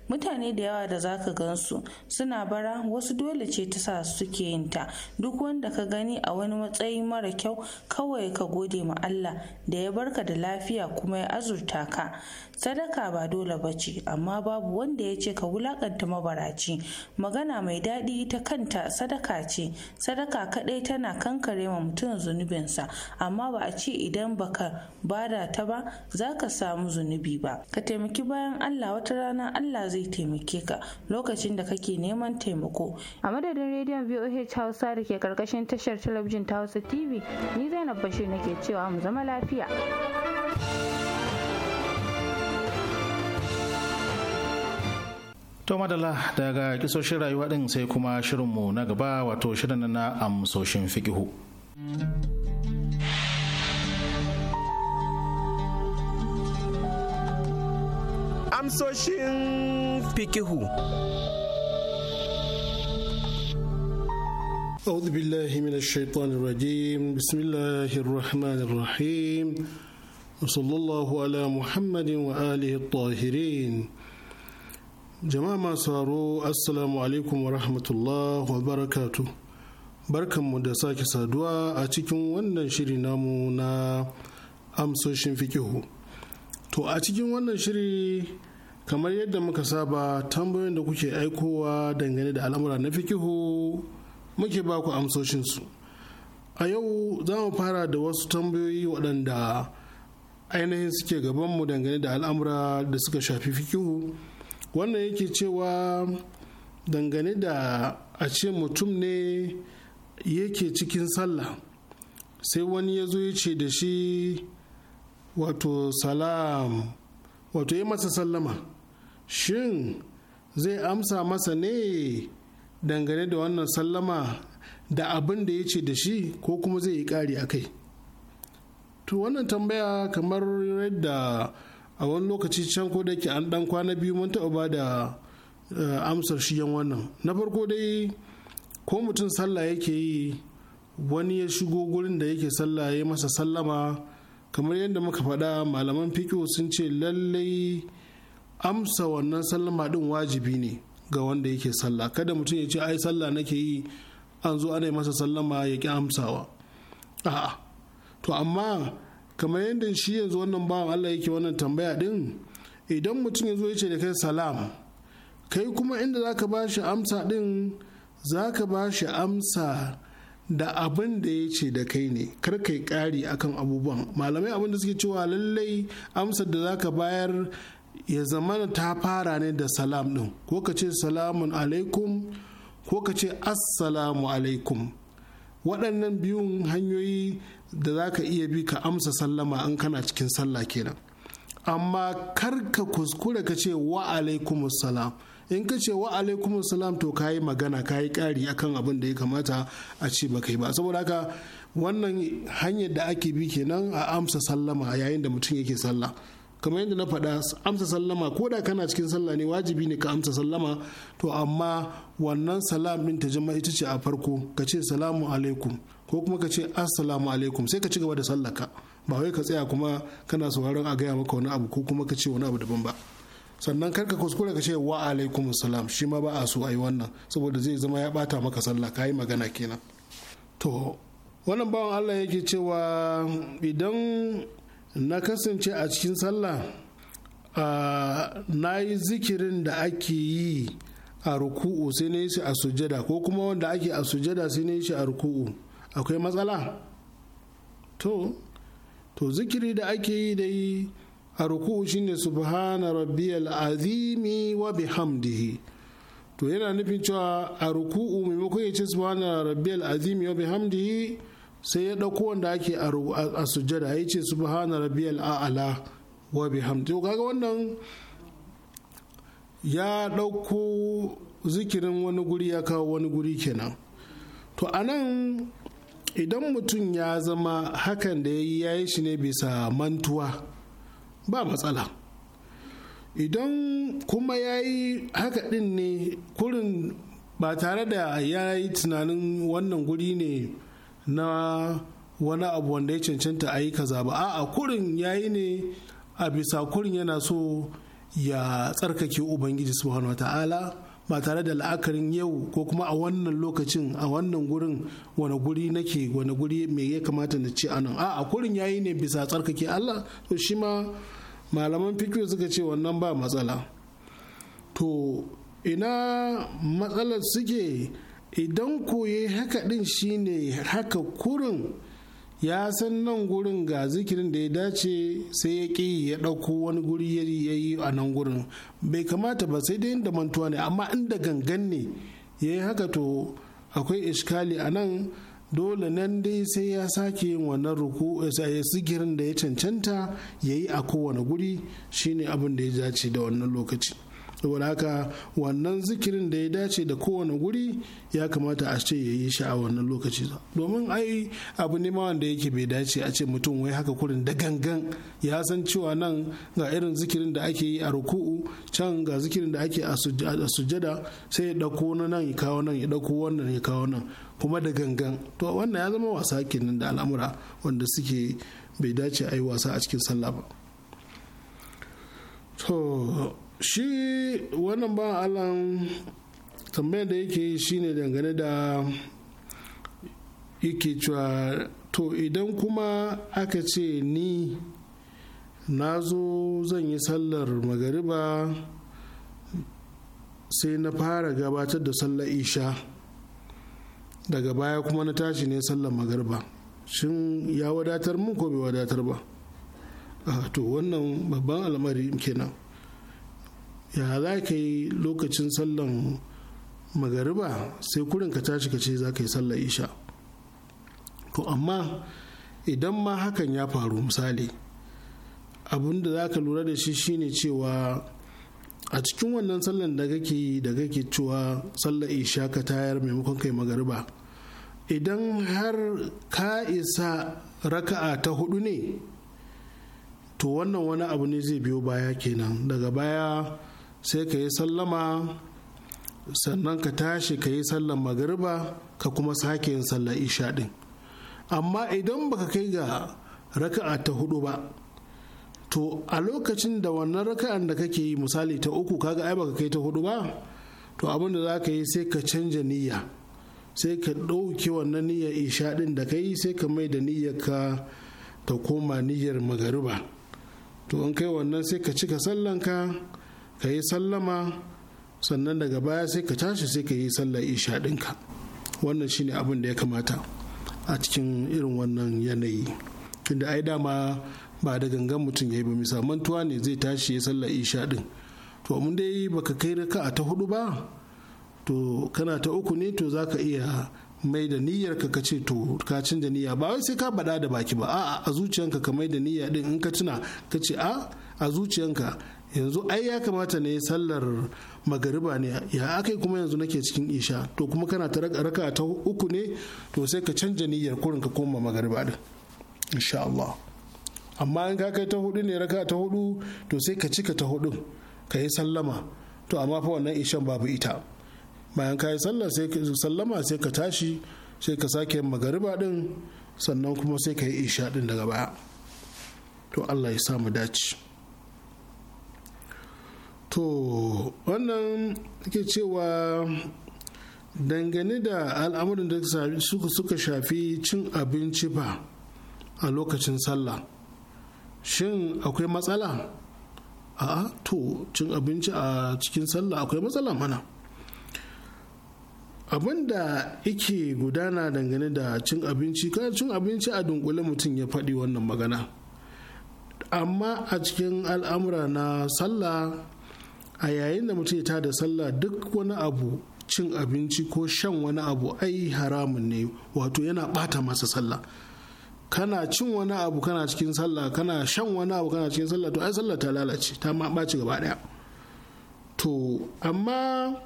mutane da yawa da zaka gansu suna bara wasu dole ce ta sa suke yin ta duk wanda ka gani a wani matsayi mara kyau kawai ka gode ma Allah da ya barka da lafiya kuma ya azurta ka sadaka ba dole ba ce amma babu wanda ya ce ka wulakanta mabaraci magana mai daɗi ta kanta sadaka ce sadaka kaɗai tana kankare ma mutum zunubinsa amma ba a ce idan baka bada ta ba za ka samu zunubi ba ka taimaki bayan Allah wata rana Allah zai zai taimake ka lokacin da kake neman taimako a madadin rediyon voh hausa da ke karkashin tashar talabijin ta hausa tv ni zainab bashir nake cewa mu zama lafiya To madala daga kisoshin rayuwa ɗin, sai kuma shirinmu na gaba wato shirin na amsoshin fikihu. Amsoshin fikihu أعوذ بالله من الشيطان الرجيم بسم الله الرحمن الرحيم وصلى الله على محمد jama'a masu sauraro assalamu alaikum wa rahmatullah wa barakatu barkan mu da sake saduwa a cikin wannan shiri namu na amsoshin fikihu to a cikin wannan shiri kamar yadda muka saba tambayoyin da kuke aikowa dangane da al'amura na fikihu muke ba ku amsoshinsu a yau za mu fara da wasu tambayoyi waɗanda ainihin suke gabanmu dangane da al'amura da suka shafi fikihu wannan yake cewa dangane da a ce mutum ne yake cikin sallah sai wani ya zo ya ce da shi wato salam wato ya masa sallama shin zai amsa masa ne dangane da wannan sallama da abin da ya ce da shi ko kuma zai yi ƙari a kai to wannan tambaya kamar yadda a wani lokaci can ko da ke an dan kwana biyu mun taɓa ba da eh, amsar shi yan wannan na farko dai ko mutum sallah yake yi wani ya shigo gurin da yake sallah ya masa sallama kamar yadda muka faɗa malaman fiƙo sun ce lallai amsa wannan sallama din wajibi ne ga wanda yake sallah kada mutum ya ce ai sallah nake yi an zo ana masa sallama ya ki amsawa a'a to amma kamar yadda shi yanzu wannan bawan Allah yake wannan tambaya din idan mutum ya zo ya ce da kai salam kai kuma inda zaka ba shi amsa din zaka ba shi amsa da abin da ya ce da kai ne kar kai kari akan abubuwan malamai abin da suke cewa lallai amsar da zaka bayar ya zamana ta fara ne da salam ɗin ko ka ce salamun alaikum ko ka ce assalamu alaikum waɗannan biyun hanyoyi da za ka iya bi ka amsa sallama in kana cikin sallah kenan amma kar ka kuskure ka ce wa alaikum salam in ka ce wa alaikum salam to ka yi magana ka yi ƙari akan abin da ya kamata a ce ba kai ba saboda haka wannan hanyar da ake bi kenan a amsa sallama yayin da mutum yake sallah kamar yadda na faɗa amsa sallama ko da kana cikin sallah ne wajibi ne ka amsa sallama to amma wannan salam din ta jama'a ita ce a farko ka ce salamu alaikum ko kuma ka ce assalamu alaikum sai ka ci gaba da ka ba wai ka tsaya kuma kana sauraron a gaya maka wani abu ko kuma ka ce wani abu daban ba sannan karka kuskure ka ce wa alaikum salam shi ma ba a so a yi wannan saboda zai zama ya bata maka sallah ka yi magana kenan to wannan bawan Allah yake cewa idan na kasance a cikin sallah na yi zikirin da ake yi a ruku'u sai na yi shi a sujada ko kuma wanda ake a sujada sai na yi shi a ruku'u akwai matsala to to zikiri da ake yi da yi a ruku'u shine subhana rabbiyal azimi wa bihamdihi to yana nufin cewa a ruku'u maimakon ya ce subhana rabbiyal azimi wa bihamdihi sai ya ɗauko wanda ake a sujjada ya ce subhana rabbiyal a'ala wa bihamdi kaga wannan ya ɗauko zikirin wani guri ya kawo wani guri kenan to anan idan mutum ya zama hakan da ya yi ya yi shi ne bisa mantuwa ba matsala idan kuma ya yi haka ɗin ne kurin ba tare da ya yi tunanin wannan guri ne na wani abu wanda ya cancanta a yi kaza ba a'a kurin yi ne a bisa kurin yana so ya tsarkake ubangiji subhanahu wata'ala ba tare da la'akarin yau ko kuma a wannan lokacin a wannan gurin wani guri nake wani guri mai ya kamata na ce anan a kurin ya yi ne bisa tsarkake Allah to shi ma malaman fikiyo suka ce wannan ba matsala to ina matsalar suke idan koye haka din shine haka kurin ya san nan gurin ga zikirin da ya dace sai ya ƙi ya ɗauko wani guri ya yi a nan gurin bai kamata ba sai dai inda mantuwa ne amma inda gangan ne ya yi haka to akwai iskali a nan dole nan dai sai ya sake yin wannan ruku eh, zikirin da ya cancanta ya yi a kowane guri shine abin da ya dace da wannan lokaci saboda haka wannan zikirin da ya dace da kowane guri ya kamata a ce ya yi shi a wannan lokaci domin ai abu ne ma wanda yake bai dace a ce mutum wai haka kurin da gangan ya san cewa nan ga irin zikirin da ake yi a ruku'u can ga zikirin da ake a sujada sai ya ɗauko na nan ya kawo nan ya ɗauko wannan ya kawo nan kuma da gangan to wannan ya zama wasa kenan da al'amura wanda suke bai dace a yi wasa a cikin sallah ba shi wannan ba tambayar da yake yi shine dangane da yake cewa to idan kuma aka ce ni na zo zan yi sallar magariba sai na fara gabatar da sallar isha daga baya kuma na tashi ne sallar magariba shin ya wadatar mun ko bai wadatar ba ah, to wannan babban al'amari kenan ya za ka yi lokacin sallan magariba sai kurin ka tashi ka ce za ka yi sallar isha to amma idan ma hakan ya faru misali abin da za ka lura da shi shine cewa a cikin wannan sallan da kake da kake cewa sallar isha ka tayar maimakon kai magariba idan har ka isa raka'a ta hudu ne to wannan wani abu ne zai biyo baya kenan daga baya sai ka yi sallama sannan ka tashi ka yi sallan magariba ka kuma sake yin sallar isha din amma idan baka kai ga raka'a ta hudu ba to a lokacin da wannan raka'an da kake yi misali ta uku kaga ai baka kai ta hudu ba to abin da za ka yi sai ka canja niyya sai ka ɗauki wannan niyyar isha din da ka sai ka mai da niyyar ka ta koma niyyar magariba to in kai wannan sai ka cika sallanka ka yi sallama sannan daga baya sai ka tashi sai ka yi sallar isha ɗinka wannan shine abin da ya kamata a cikin irin wannan yanayi tunda ai dama ba da gangan mutum ya yi ba misamantuwa mantuwa ne zai tashi ya sallar isha ɗin to mun dai baka kai a ta hudu ba to kana ta uku ne to zaka iya mai da niyyar ka kace to ka canja niyya ba wai sai ka bada da baki ba a'a a zuciyanka ka mai da niyya ɗin in ka tuna ka ce a a zuciyanka yanzu ai ya kamata ne sallar magariba ne ya akai kuma yanzu nake cikin isha to kuma kana ta raka ta uku ne to sai ka canja niyyar kurin ka koma magariba din insha Allah amma in ka kai ta hudu ne raka ta hudu to sai ka cika ta hudu ka yi sallama to amma fa wannan ishan babu ita bayan ka yi sallar sai ka sallama sai ka tashi sai ka sake magariba din sannan kuma sai ka yi isha din daga baya to Allah ya samu dace to wannan ke cewa dangane da al'amuran da suka shafi cin abinci ba a lokacin sallah shin akwai matsala a to cin abinci a cikin sallah akwai matsala mana abin da gudana dangane da cin abinci kan cin abinci a dunkule mutum ya faɗi wannan magana amma a cikin al'amura na sallah a yayin da mutum ya da sallah duk wani abu cin abinci ko shan wani abu ai haramun ne wato yana bata masa sallah kana cin wani abu kana cikin sallah kana shan wani abu kana cikin sallah to ai sallah ta lalace ta ma ɓaci gaba ɗaya to amma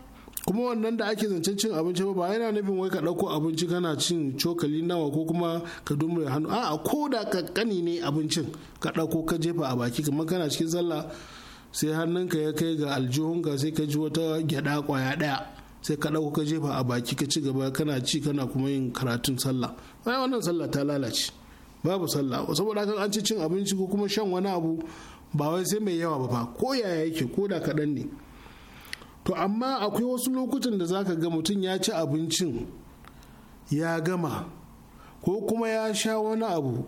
kuma wannan da ake zancen cin abinci ba yana nufin wai ka ɗauko abinci kana cin cokali nawa ko kuma ka dumure hannu a'a ko da kakkani ne abincin ka ɗauko ka jefa a baki kamar kana cikin sallah sai hannunka ya kai ga aljihunka sai ka ji wata gyada kwaya daya sai ka dauko ka jefa a baki ka ci gaba kana ci kana kuma yin karatun sallah bayan wannan sallah ta lalace babu sallah saboda kan an ci cin abinci ko kuma shan wani abu ba wai sai mai yawa ba fa ko yaya yake ko da kaɗan ne to amma akwai wasu lokutan da zaka ga mutum ya ci abincin ya gama ko kuma ya sha wani abu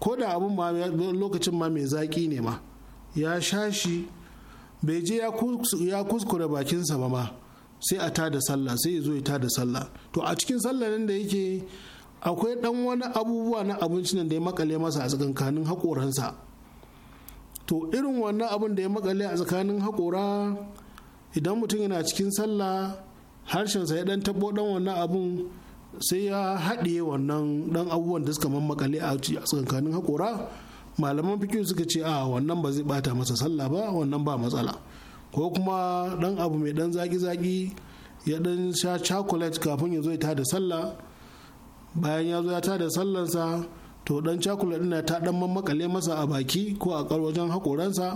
ko da abun ma lokacin ma mai zaƙi ne ma ya sha shi bai je ya kuskure bakinsa ba ma sai a tada sallah sai ya zo ya tada sallah to a cikin sallah nan da yake akwai dan wani abubuwa na abinci nan da ya makale masa a tsakankanin haƙoransa to irin wannan abin da ya makale a tsakanin haƙora idan mutum yana cikin sallah harshensa ya dan tabo dan wannan abun sai ya haɗiye wannan dan abubuwan da suka mamakale a tsakankanin haƙora malaman fikihu suka ce a ah, wannan ba zai bata masa sallah ba wannan ba matsala ko kuma dan abu mai dan zaki-zaki ya dan sha chocolate kafin ya zo ya tada sallah bayan ya zo ya tada sallansa to dan chocolate ɗin ta dan mamakale masa a baki ko a kar wajen hakoransa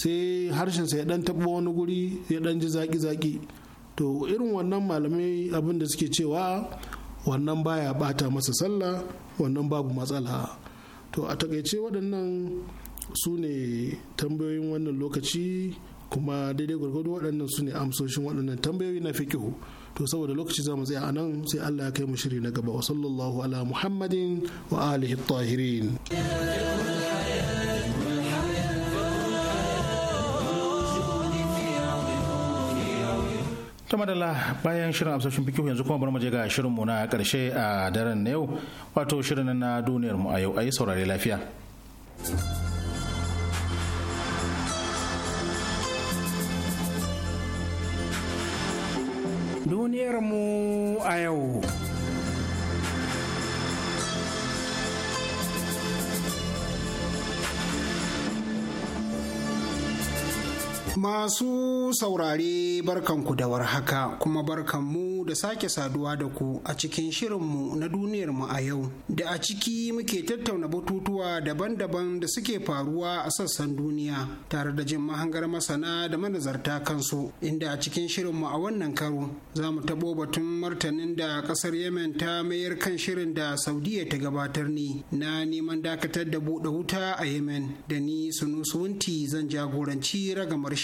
sai harshensa ya dan tabo wani guri ya dan ji zaki-zaki to irin wannan malamai abin da suke cewa wannan baya bata masa sallah wannan babu matsala to a takaice waɗannan su ne tambayoyin wannan lokaci kuma daidai gwargwado waɗannan su ne amsoshin waɗannan tambayoyi na fikihu to saboda lokaci za mu tsaya a nan sai Allah ya kai mu shiri na gaba wa sallallahu ala muhammadin wa alihi tahirin ta madala bayan shirin amsoshin fikihu yanzu kuma bari mu je ga shirinmu na karshe a daren na yau wato shirin na duniyar mu a yau ayi saurare lafiya duniyar mu a yau Masu saurare barkanku da warhaka kuma barkanmu da sake saduwa da ku a cikin shirinmu na duniyarmu a yau da a ciki muke tattauna batutuwa daban-daban da suke faruwa a sassan duniya tare da jin mahangar masana da manazarta kansu inda a cikin shirinmu a wannan karo za mu tabo batun martanin da kasar Yemen ta mayar kan shirin da Saudiya ta gabatar ne na neman dakatar da buɗe wuta a Yemen da ni Sunusuwunti zan jagoranci ragamar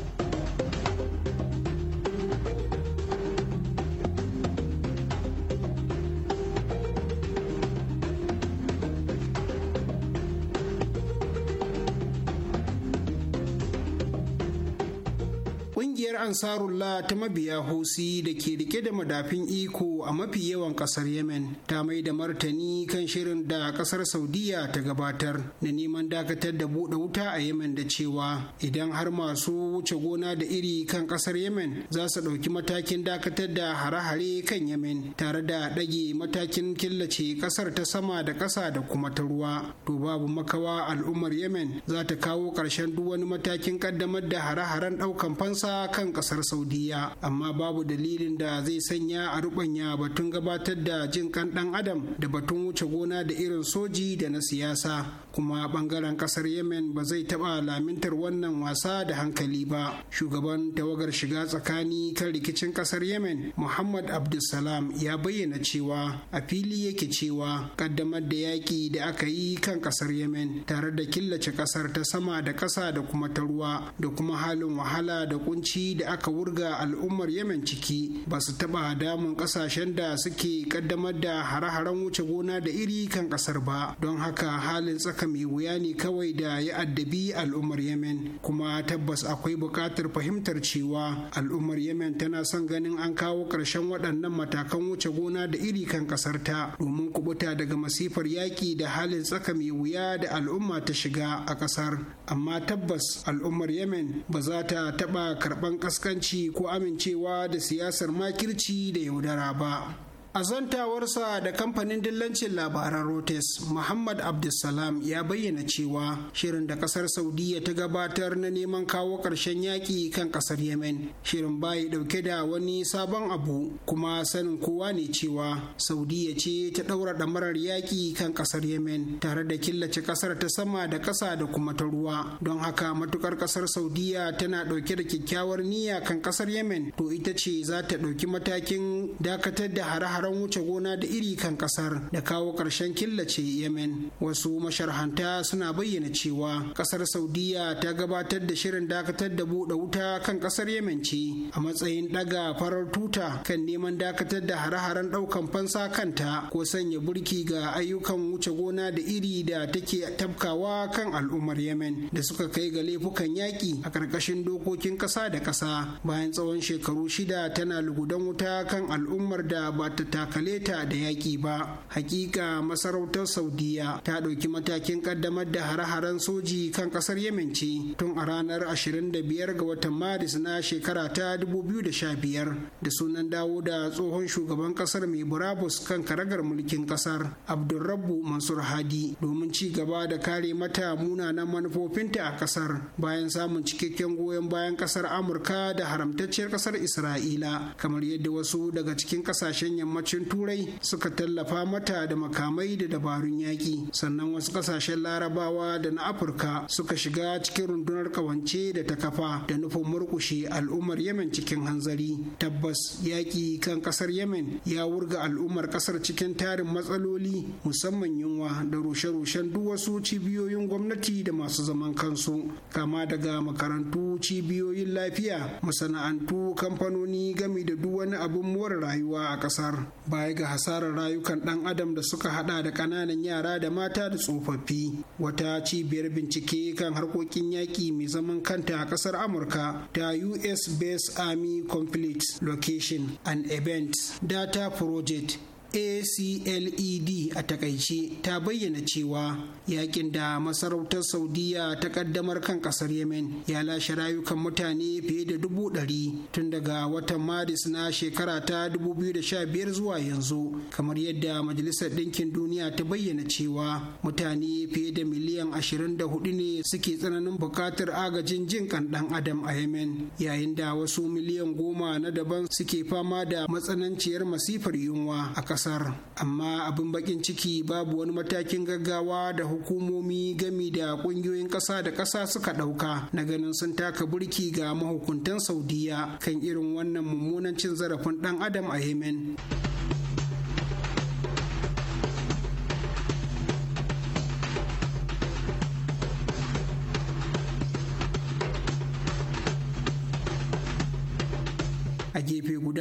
ansarullah ta mabiya hosi da ke rike da madafin iko a mafi yawan kasar yemen ta mai da martani kan shirin da kasar saudiya ta gabatar na neman dakatar da buɗe wuta a yemen da cewa idan har masu wuce gona da iri kan kasar yemen za su ɗauki matakin dakatar da hare-hare kan yemen tare da ɗage matakin killace kasar ta sama da ƙasa da kuma ta ruwa to babu makawa al'ummar yemen za ta kawo ƙarshen duk wani matakin ƙaddamar da hare-haren ɗaukan fansa kan kasar saudiya amma babu dalilin da zai sanya a rubanya batun gabatar da jin kan dan adam da batun wuce gona da irin soji da na siyasa kuma bangaren kasar yemen ba zai taba lamintar wannan wasa da hankali ba shugaban tawagar shiga tsakani kan rikicin kasar yemen muhammad abdulsalam ya bayyana cewa a fili yake cewa kaddamar da yaki da aka yi kan kasar yemen tare da killace kasar ta sama da kasa da kuma ta ruwa da kuma halin wahala da kunci da aka wurga al'ummar yamen ciki ba su taɓa damun ƙasashen da suke ƙaddamar da hare-haren wuce gona da iri kan ƙasar ba don haka halin tsaka mai wuya ne kawai da ya addabi al'ummar yamen kuma tabbas akwai buƙatar fahimtar cewa al'ummar yamen tana son ganin an kawo ƙarshen waɗannan matakan wuce gona da iri kan ƙasar ta domin kubuta daga masifar yaƙi da halin tsaka mai wuya da al'umma ta shiga a ƙasar amma tabbas al'ummar yamen ba za ta taɓa karɓan ƙasa fuskanci ko amincewa da siyasar makirci da yaudara ba A zantawarsa da kamfanin dillancin labaran Rotes, Muhammad Abdulsalam ya bayyana cewa shirin da kasar Saudiya ta gabatar na neman kawo ƙarshen yaƙi kan ƙasar Yemen. Shirin bai ɗauke da wani sabon abu kuma sanin kowa ne cewa Saudiya ce ta ɗaura ɗamarar yaƙi kan ƙasar Yemen tare da killace ƙasar ta sama da ƙasa da kuma ta ruwa. Don haka matuƙar ƙasar Saudiya tana ɗauke da kyakkyawar niyya kan ƙasar Yemen to ita ce za ta ɗauki matakin dakatar da hare hare wuce gona da iri kan kasar da kawo ƙarshen killace yemen wasu masharhanta suna bayyana cewa kasar saudiya ta gabatar da shirin dakatar da buɗe wuta kan kasar yemen ce a matsayin ɗaga farar tuta kan neman dakatar da hare-haren ɗaukan fansa kanta ko sanya burki ga ayyukan wuce gona da iri da take tabkawa kan al'ummar yemen da suka kai ga laifukan yaƙi a ƙarƙashin dokokin ƙasa da ƙasa bayan tsawon shekaru shida tana lugudan wuta kan al'ummar da ba ta takale ta da yaƙi ba hakika masarautar saudiya ta ɗauki matakin ƙaddamar da hare-haren soji kan ƙasar yemen ce tun a ranar 25 ga watan maris na shekara ta 2015 da sunan dawo da tsohon shugaban ƙasar mai burabus kan karagar mulkin ƙasar abdulrabu mansur hadi domin ci gaba da kare mata munanan manufofinta a ƙasar bayan samun cikakken goyon bayan ƙasar amurka da haramtacciyar ƙasar isra'ila kamar yadda wasu daga cikin ƙasashen yamma yammacin turai suka tallafa mata da makamai da dabarun yaƙi sannan wasu ƙasashen larabawa da na afirka suka shiga cikin rundunar ƙawance da ta kafa da nufin murƙushe al'ummar yemen cikin hanzari tabbas yaƙi kan ƙasar yemen ya wurga al'ummar ƙasar cikin tarin matsaloli musamman yunwa da rushe-rushen duk wasu cibiyoyin gwamnati da masu zaman kansu kama daga makarantu cibiyoyin lafiya masana'antu kamfanoni gami da duk wani abin more rayuwa a ƙasar. baya ga hasarar rayukan ɗan adam da suka hada da ƙananan yara da mata da tsofaffi wata cibiyar bincike kan harkokin yaƙi mai zaman kanta a ƙasar amurka ta us based army Complete location and events data project acled a takaice ta bayyana cewa yakin da masarautar saudiya ta kaddamar kan kasar yemen ya lashe rayukan mutane fiye da dubu ɗari tun daga watan maris na shekara ta 2015 zuwa yanzu kamar yadda majalisar ɗinkin duniya ta bayyana cewa mutane fiye da miliyan ashirin da hudu ne suke tsananin buƙatar agajin jin kan ɗan adam a yemen yayin da wasu miliyan goma na daban suke fama da matsananciyar masifar yunwa a kasar amma abin bakin ciki babu wani matakin gaggawa da hukumomi gami da kungiyoyin kasa da kasa suka dauka na ganin sun taka burki ga mahukuntan saudiya kan irin wannan mummunan cin zarafin dan adam a yemen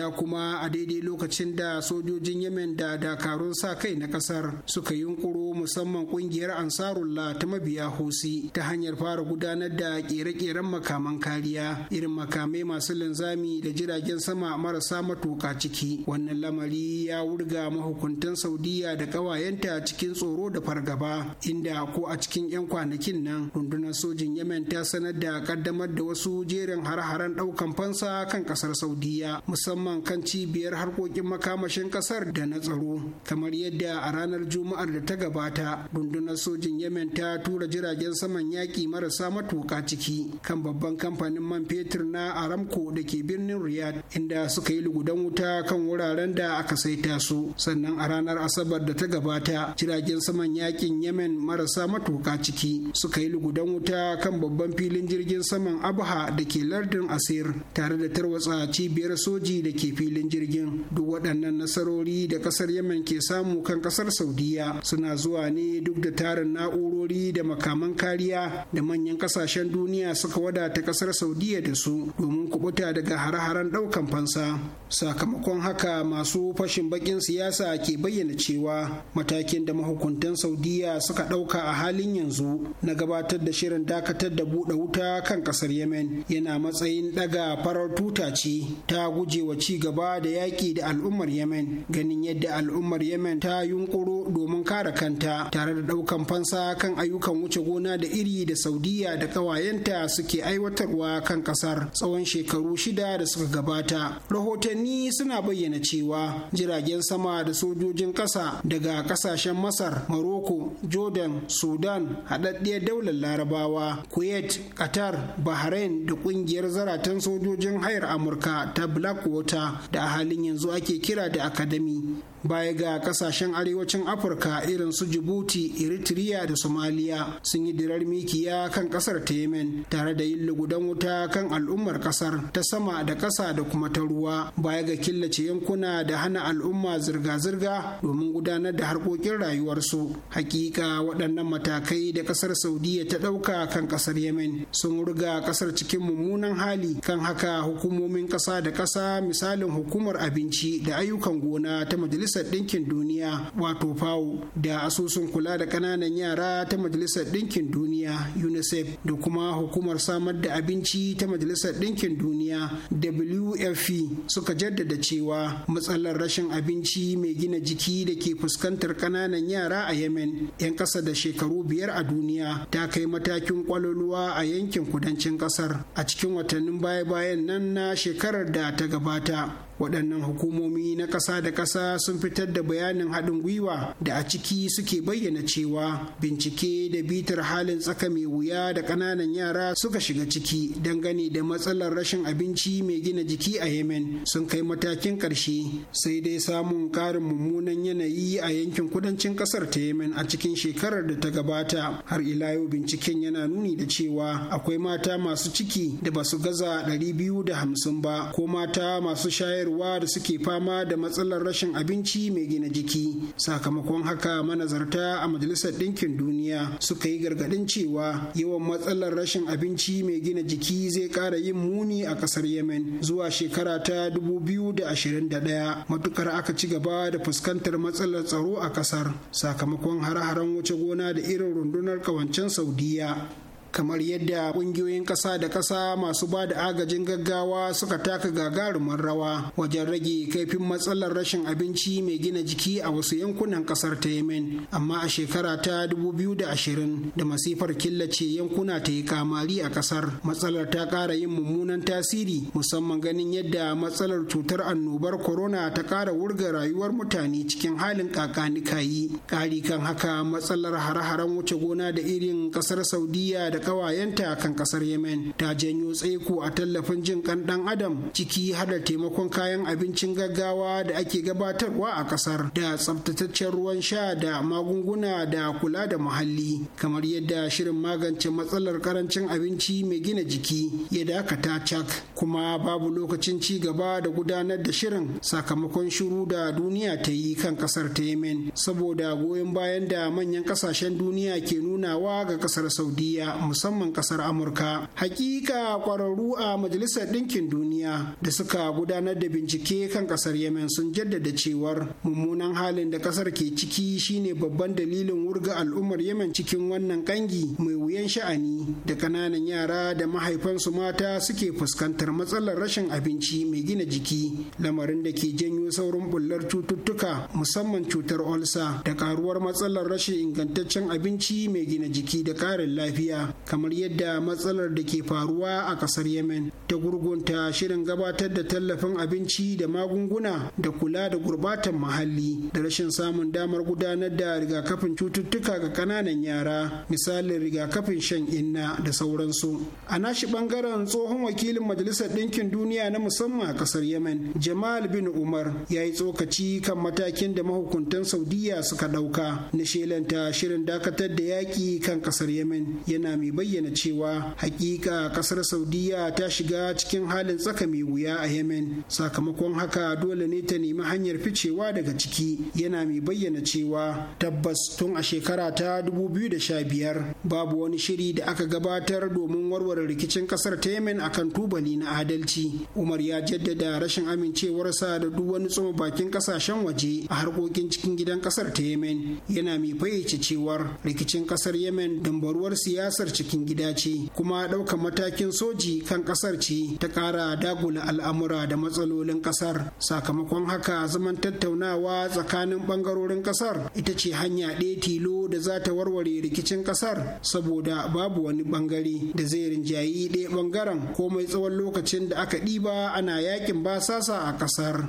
guda kuma a daidai lokacin da sojojin yemen da dakarun sa kai na kasar suka yunkuro musamman kungiyar ansarullah ta mabiya hosi ta hanyar fara gudanar da kere-keren makaman kariya irin makamai masu linzami da jiragen sama marasa matuka ciki wannan lamari ya wurga mahukuntan saudiya da kawayenta cikin tsoro da fargaba inda ko a cikin 'yan kwanakin nan rundunar sojin yemen ta sanar da kaddamar da wasu jerin har-haren daukan fansa kan kasar saudiya musamman musamman kan cibiyar harkokin makamashin kasar da na tsaro kamar yadda a ranar juma'ar da ta gabata rundunar sojin yemen ta tura jiragen saman yaƙi marasa matuƙa ciki kan babban kamfanin man fetur na aramco da ke birnin Riyad. inda suka yi lugudan wuta kan wuraren da aka saita su sannan a ranar asabar da ta gabata jiragen saman yaƙin yemen marasa matuƙa ciki suka yi lugudan wuta kan babban filin jirgin saman abha da ke lardin asir tare da tarwatsa cibiyar soji da ke filin jirgin duk waɗannan nasarori da ƙasar yemen ke samu kan ƙasar saudiya suna zuwa ne duk da tarin na'urori da makaman kariya da manyan ƙasashen duniya suka wadata ƙasar saudiya da su domin kubuta daga hare-haren ɗaukan fansa sakamakon haka masu fashin baƙin siyasa ke bayyana cewa matakin da mahukuntan saudiya suka ɗauka a halin yanzu na gabatar da shirin dakatar da buɗe wuta kan ƙasar yemen yana matsayin ɗaga farar tuta ce ta gujewa ci ci gaba da yaƙi da al'ummar yemen ganin yadda al'ummar yemen ta yunkuro domin kare kanta tare da ɗaukan fansa kan ayyukan wuce gona da iri da saudiya da ƙawayenta suke aiwatarwa kan ƙasar tsawon shekaru shida da suka gabata rahotanni suna bayyana cewa jiragen sama da sojojin ƙasa daga ƙasashen masar maroko jordan sudan haɗaɗɗiyar daular larabawa kuwait qatar bahrain da ƙungiyar zaratan sojojin hayar amurka ta blackwater da a halin yanzu ake kira da academy baya ga kasashen arewacin afirka irin su jibuti eritrea da somaliya sun yi dirar mikiya kan kasar ta yemen tare da yin lugudan wuta kan al'ummar kasar ta sama da kasa da kuma ta ruwa baya ga killace yankuna da hana al'umma zirga-zirga domin gudanar da harkokin rayuwarsu hakika waɗannan matakai da kasar saudiya ta ɗauka kan kasar yemen sun ruga kasar cikin mummunan hali kan haka hukumomin ƙasa da ƙasa misalin hukumar abinci da ayyukan gona ta majalisar majalisar ɗinkin duniya wato fao da asusun kula da ƙananan yara ta majalisar ɗinkin duniya unicef da kuma hukumar samar da abinci ta majalisar ɗinkin duniya wfp suka jaddada cewa matsalar rashin abinci mai gina jiki da ke fuskantar ƙananan yara a yemen 'yan ƙasa da shekaru biyar a duniya ta kai matakin kwaloluwa a yankin kudancin ƙasar a cikin watannin baya-bayan nan na shekarar da ta gabata waɗannan hukumomi na ƙasa da ƙasa sun fitar da bayanin haɗin gwiwa da a ciki suke bayyana cewa bincike da bitar halin tsaka mai wuya da ƙananan yara suka shiga ciki dangane da matsalar rashin abinci mai gina jiki a yemen sun kai matakin ƙarshe sai dai samun ƙarin mummunan yanayi a yankin kudancin ƙasar ta yemen a cikin shekarar da ta gabata har ila yau binciken yana nuni da cewa akwai mata masu ciki da basu gaza 250 ba ko mata masu shayar ciyarwa da suke fama da matsalar rashin abinci mai gina jiki sakamakon haka manazarta a majalisar ɗinkin duniya suka yi gargaɗin cewa yawan matsalar rashin abinci mai gina jiki zai ƙara yin muni a ƙasar yemen zuwa shekara ta dubu biyu da da ashirin 2021 matukar aka ci gaba da fuskantar matsalar tsaro a ƙasar sakamakon hare-haren wuce gona da irin rundunar ƙawancen saudiya kamar yadda kungiyoyin ƙasa da ƙasa masu ba da agajin gaggawa suka taka gagarumin rawa wajen rage kaifin matsalar rashin abinci mai gina jiki a wasu yankunan ƙasar ta yemen amma a shekara ta 2020 da masifar killace yankuna ta yi kamari a ƙasar matsalar ta ƙara yin mummunan tasiri musamman ganin yadda matsalar cutar annobar corona ta ƙara wurga rayuwar mutane cikin halin kakanikayi ƙari kan haka matsalar hare-haren wuce gona da irin ƙasar saudiya da Ƙawayenta kawayenta kan ƙasar yemen ta janyo tsaiko a tallafin jin kan dan adam ciki hada taimakon kayan abincin gaggawa da ake gabatarwa a ƙasar da tsabtataccen ruwan sha da magunguna da kula da muhalli kamar yadda shirin magance matsalar karancin abinci mai gina jiki ya dakata cak kuma babu lokacin ci gaba da gudanar da shirin sakamakon shiru da duniya ta yi kan kasar ta yemen saboda goyon bayan da manyan kasashen duniya ke nunawa ga kasar saudiya musamman kasar amurka hakika kwararru a majalisar ɗinkin duniya da suka gudanar da bincike kan kasar yemen sun jaddada cewar mummunan halin da kasar ke ciki shine babban dalilin wurga al'ummar yemen cikin wannan kangi mai wuyan sha'ani da kananan yara da mahaifansu mata suke fuskantar matsalar rashin abinci mai gina jiki lamarin da ke janyo saurin bullar cututtuka musamman cutar olsa da karuwar matsalar rashin ingantaccen abinci mai gina jiki da karin lafiya kamar yadda matsalar da ke faruwa a kasar yemen ta gurgunta shirin gabatar da tallafin abinci da magunguna da kula da gurbatan muhalli da rashin samun damar gudanar da rigakafin cututtuka ga kananan yara misalin rigakafin shan inna da sauransu a nashi bangaren tsohon wakilin majalisar ɗinkin duniya na musamman a kasar yemen jamal bin umar ya yi tsokaci kan matakin da mahukuntan saudiya suka ɗauka na shelanta shirin dakatar da yaƙi kan kasar yemen yana mai mai bayyana cewa hakika kasar saudiya ta shiga cikin halin tsaka mai wuya a yemen sakamakon haka dole ne ta nemi hanyar ficewa daga ciki yana mai bayyana cewa tabbas tun a shekara ta 2015 babu wani shiri da aka gabatar domin warware rikicin kasar ta yemen kan tubali na adalci umar ya jaddada rashin amincewarsa da duk wani tsoma bakin kasashen waje a harkokin cikin gidan kasar ta yemen yana mai fayyace cewar rikicin kasar yemen dambaruwar siyasar cikin gida ce kuma ɗaukar matakin soji kan ƙasar ce ta ƙara dagula al'amura da matsalolin ƙasar sakamakon haka zaman tattaunawa tsakanin ɓangarorin ƙasar ita ce hanya ɗaya tilo da za ta warware rikicin ƙasar saboda babu wani ɓangare da zai rinjayi ɗaya ɓangaren komai tsawon lokacin da aka ɗiba ana yakin basasa a ƙasar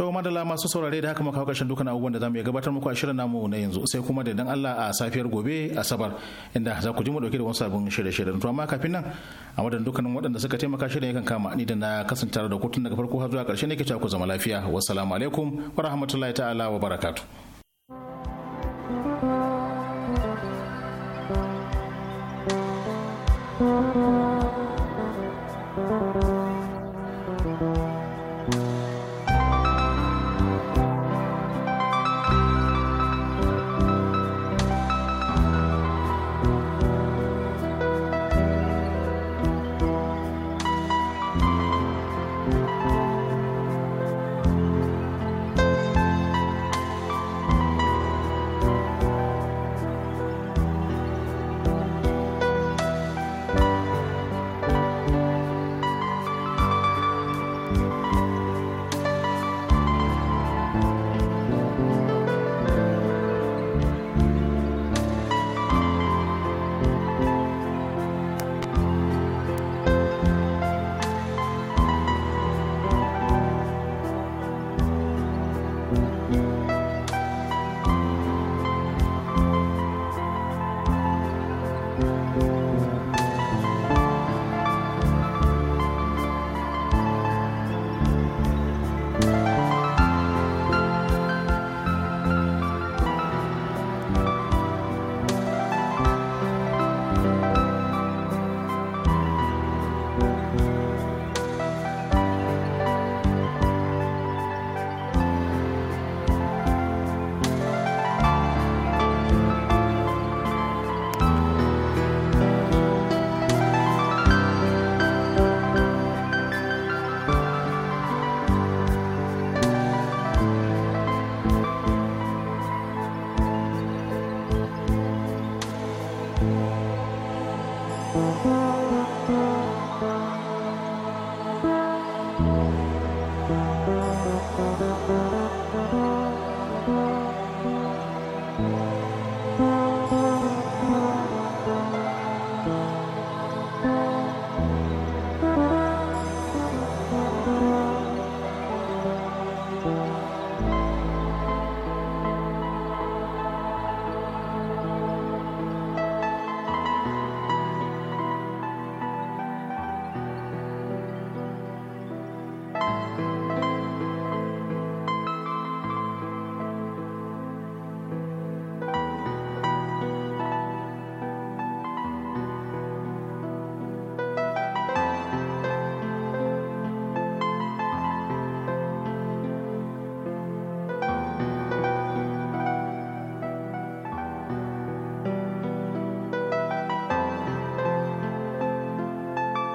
To madala masu saurare da haka muka kashin dukan abubuwan da zamu iya gabatar muku a shirin namu na yanzu sai kuma da dan Allah a safiyar gobe Asabar inda za ku ji mu dauke da wasu sabon shirye-shiryen to amma kafin nan a madan dukkanin waɗanda suka taimaka shirin yakan kama ni da na kasance da kotun daga farko har zuwa ƙarshe ne ke cewa ku zama lafiya wassalamu alaikum wa rahmatullahi ta'ala wa barakatuh.